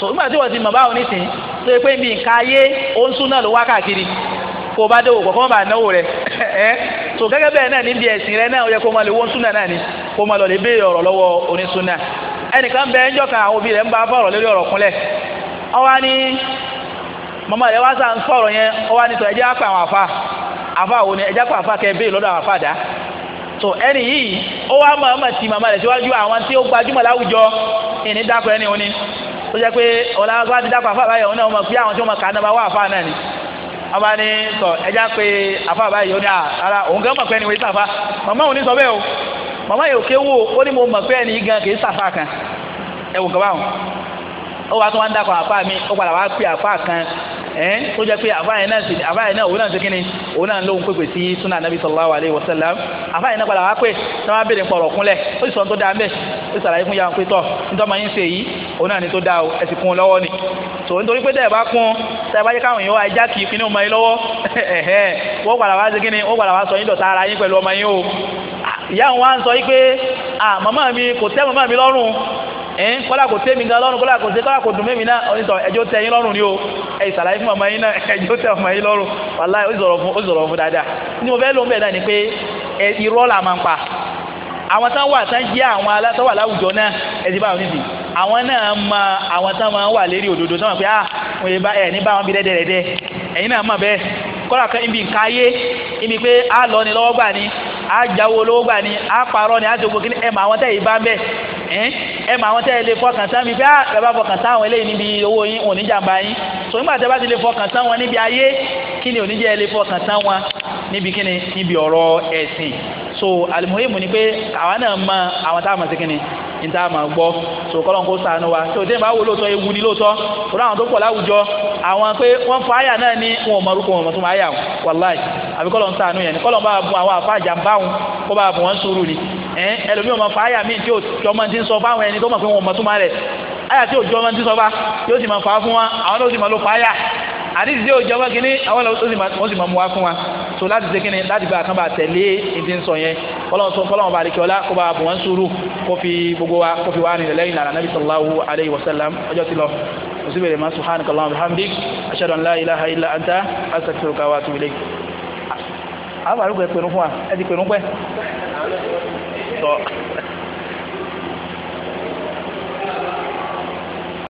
[SPEAKER 1] so nígbà tí wọ́n ti mọ̀ báwọn nísìnyí tó yẹ pé mi nǹka ayé ó ń súnà ló wá káàkiri kó o bá dé òkò kó bá náwó rẹ *laughs* so gẹ́gẹ́ bẹ́ẹ̀ náà níbi ẹ̀sìn rẹ náà o máa lè súnà náà ni kó o máa lọ lè béèrè ọ̀rọ̀ lọ́wọ́ onísúnà ẹnìkan bẹ́ẹ̀ ọ wá ní màmá rẹ̀ wá sá ń sọ̀rọ̀ yẹn ó wá nítorí awọn afọ a àfa àfa òun ni ẹjẹ́ àpà a kẹ bẹ́ẹ̀ lọdọ àwọn àfa dá so ẹni yìí ó wá mọ̀ ma tí màmá rẹ̀ síwájú àwọn tí ó gbajúmọ̀ láwùjọ ìní dákọ̀ ẹni òun ni ó jẹ́ pé ọ̀làwọ́ ti dákọ̀ àfa àbáyọ̀ òun náà mọ̀ pé àwọn tí wọ́n mọ̀ kà náà bá wà náà ni bá ní sọ ara òun gan mọ̀ pé ẹni ti sàfà sọ bẹ́ẹ̀ o mama yìí ò kéwò ó ní mo mọ̀ pé ẹni ẹ tó jẹ́ pé àbáyé náà sì àbáyé náà òun náà ṣe kíni òun náà lóhun pépè sí sunna anabi sallallahu alayhi wa àbáyé náà padà wá pé tí wọ́n bèrè pọ̀rọ̀ kúnlẹ̀ ó sì sọ tó dáa mbẹ́ ó sàlàyé fún yàrá pé tọ̀ nítorí ma yín ṣe yìí òun náà ni tó dáa ẹ sì kún un lọ́wọ́ ni tò nítorí pé tẹ́ẹ̀ bá kún bá yẹ káwọn *laughs* ẹ̀ kọ́lá kò lọrụ gan lọ́rùn kọ́lá kò tẹ́ kọ́lá kò dùn náà yín ni o ẹ̀ ìsàlàyé fún ọmọ yín náà *laughs* ẹjọ́ anyị ọmọ yín lọ́rùn wàlá ó sọ̀rọ̀ fún ó zọrọ fún dáadáa ní mo fẹ́ ló náà ni pé irọ́ là máa ń pa àwọn tán wà tán jẹ́ àwọn tán wà láwùjọ náà ẹ ti bá wọn níbi àwọn náà mọ àwọn tán máa ń wà lérí òdodo pé ah kọ́lá kan ibi nǹkan ayé ibi Eh? ẹ mọ àwọn tẹ́ ẹ lè fọkàn tán mi pé ah bàbá fọkàn tán àwọn eléyìí níbi owó yín òní jàǹbá yín tó nígbà tẹ́ bá ti lè fọkàn tán wọn níbi ayé kí ni òní ẹ lè fọkàn tán wọn níbi kí ni níbi ọ̀rọ̀ ẹ̀sìn so alimuhimu ni pé àwa náà mọ àwọn tá a mọ̀ sí kí ni ní tá a mọ̀ gbọ́ so kọ́lọ́n kó sànú wa so dé bá wò lóòótọ́ ewu ni lóòótọ́ kó láwọn tó pọ̀ láwùjọ àwọn pé wọ́n fa àyà náà ní wọn ò mọ̀ wọn tó máa yà wọn wàláì àbí kọ́lọ́n sànú yẹn ni kọ́lọ́n bá bu àwọn àfa àjàmbá wọn kó bá bu wọn sùúrù ni ẹ ẹlòmí ọmọ fa àyà míì tí ò jọmọ ti ń sọ fáwọn ẹni tó mọ̀ pé wọn ò mọ̀ tó máa rẹ̀ àyà tí ò jọmọ ti ń sọ fá yóò sì máa fa fún wa àwọn náà ó sì máa lo fa àyà àdìsí tí ò jọmọ kínní àwọn náà ó sì máa mú wa fún wa so láti ṣe kínní láti bá àkànbà tẹ̀lé ìdí ń sọ yẹn kọlọ́n sọ kọlọ́n ọba àdìkíọ́lá kó bá bùn wọn sùúrù kó fi gbogbo wa kó fi wá rìn lẹ́yìn lára nàbí sallallahu alayhi wa sallam ọjọ́ ti lọ òsibẹ̀ lè má subhanaka Allahumma bihamdik la ilaha illa anta astaghfiruka wa atubu ilayk. Ah, àwọn àrùkọ ẹ fún wa ẹ ti pẹ̀lú pẹ́
[SPEAKER 2] sọ.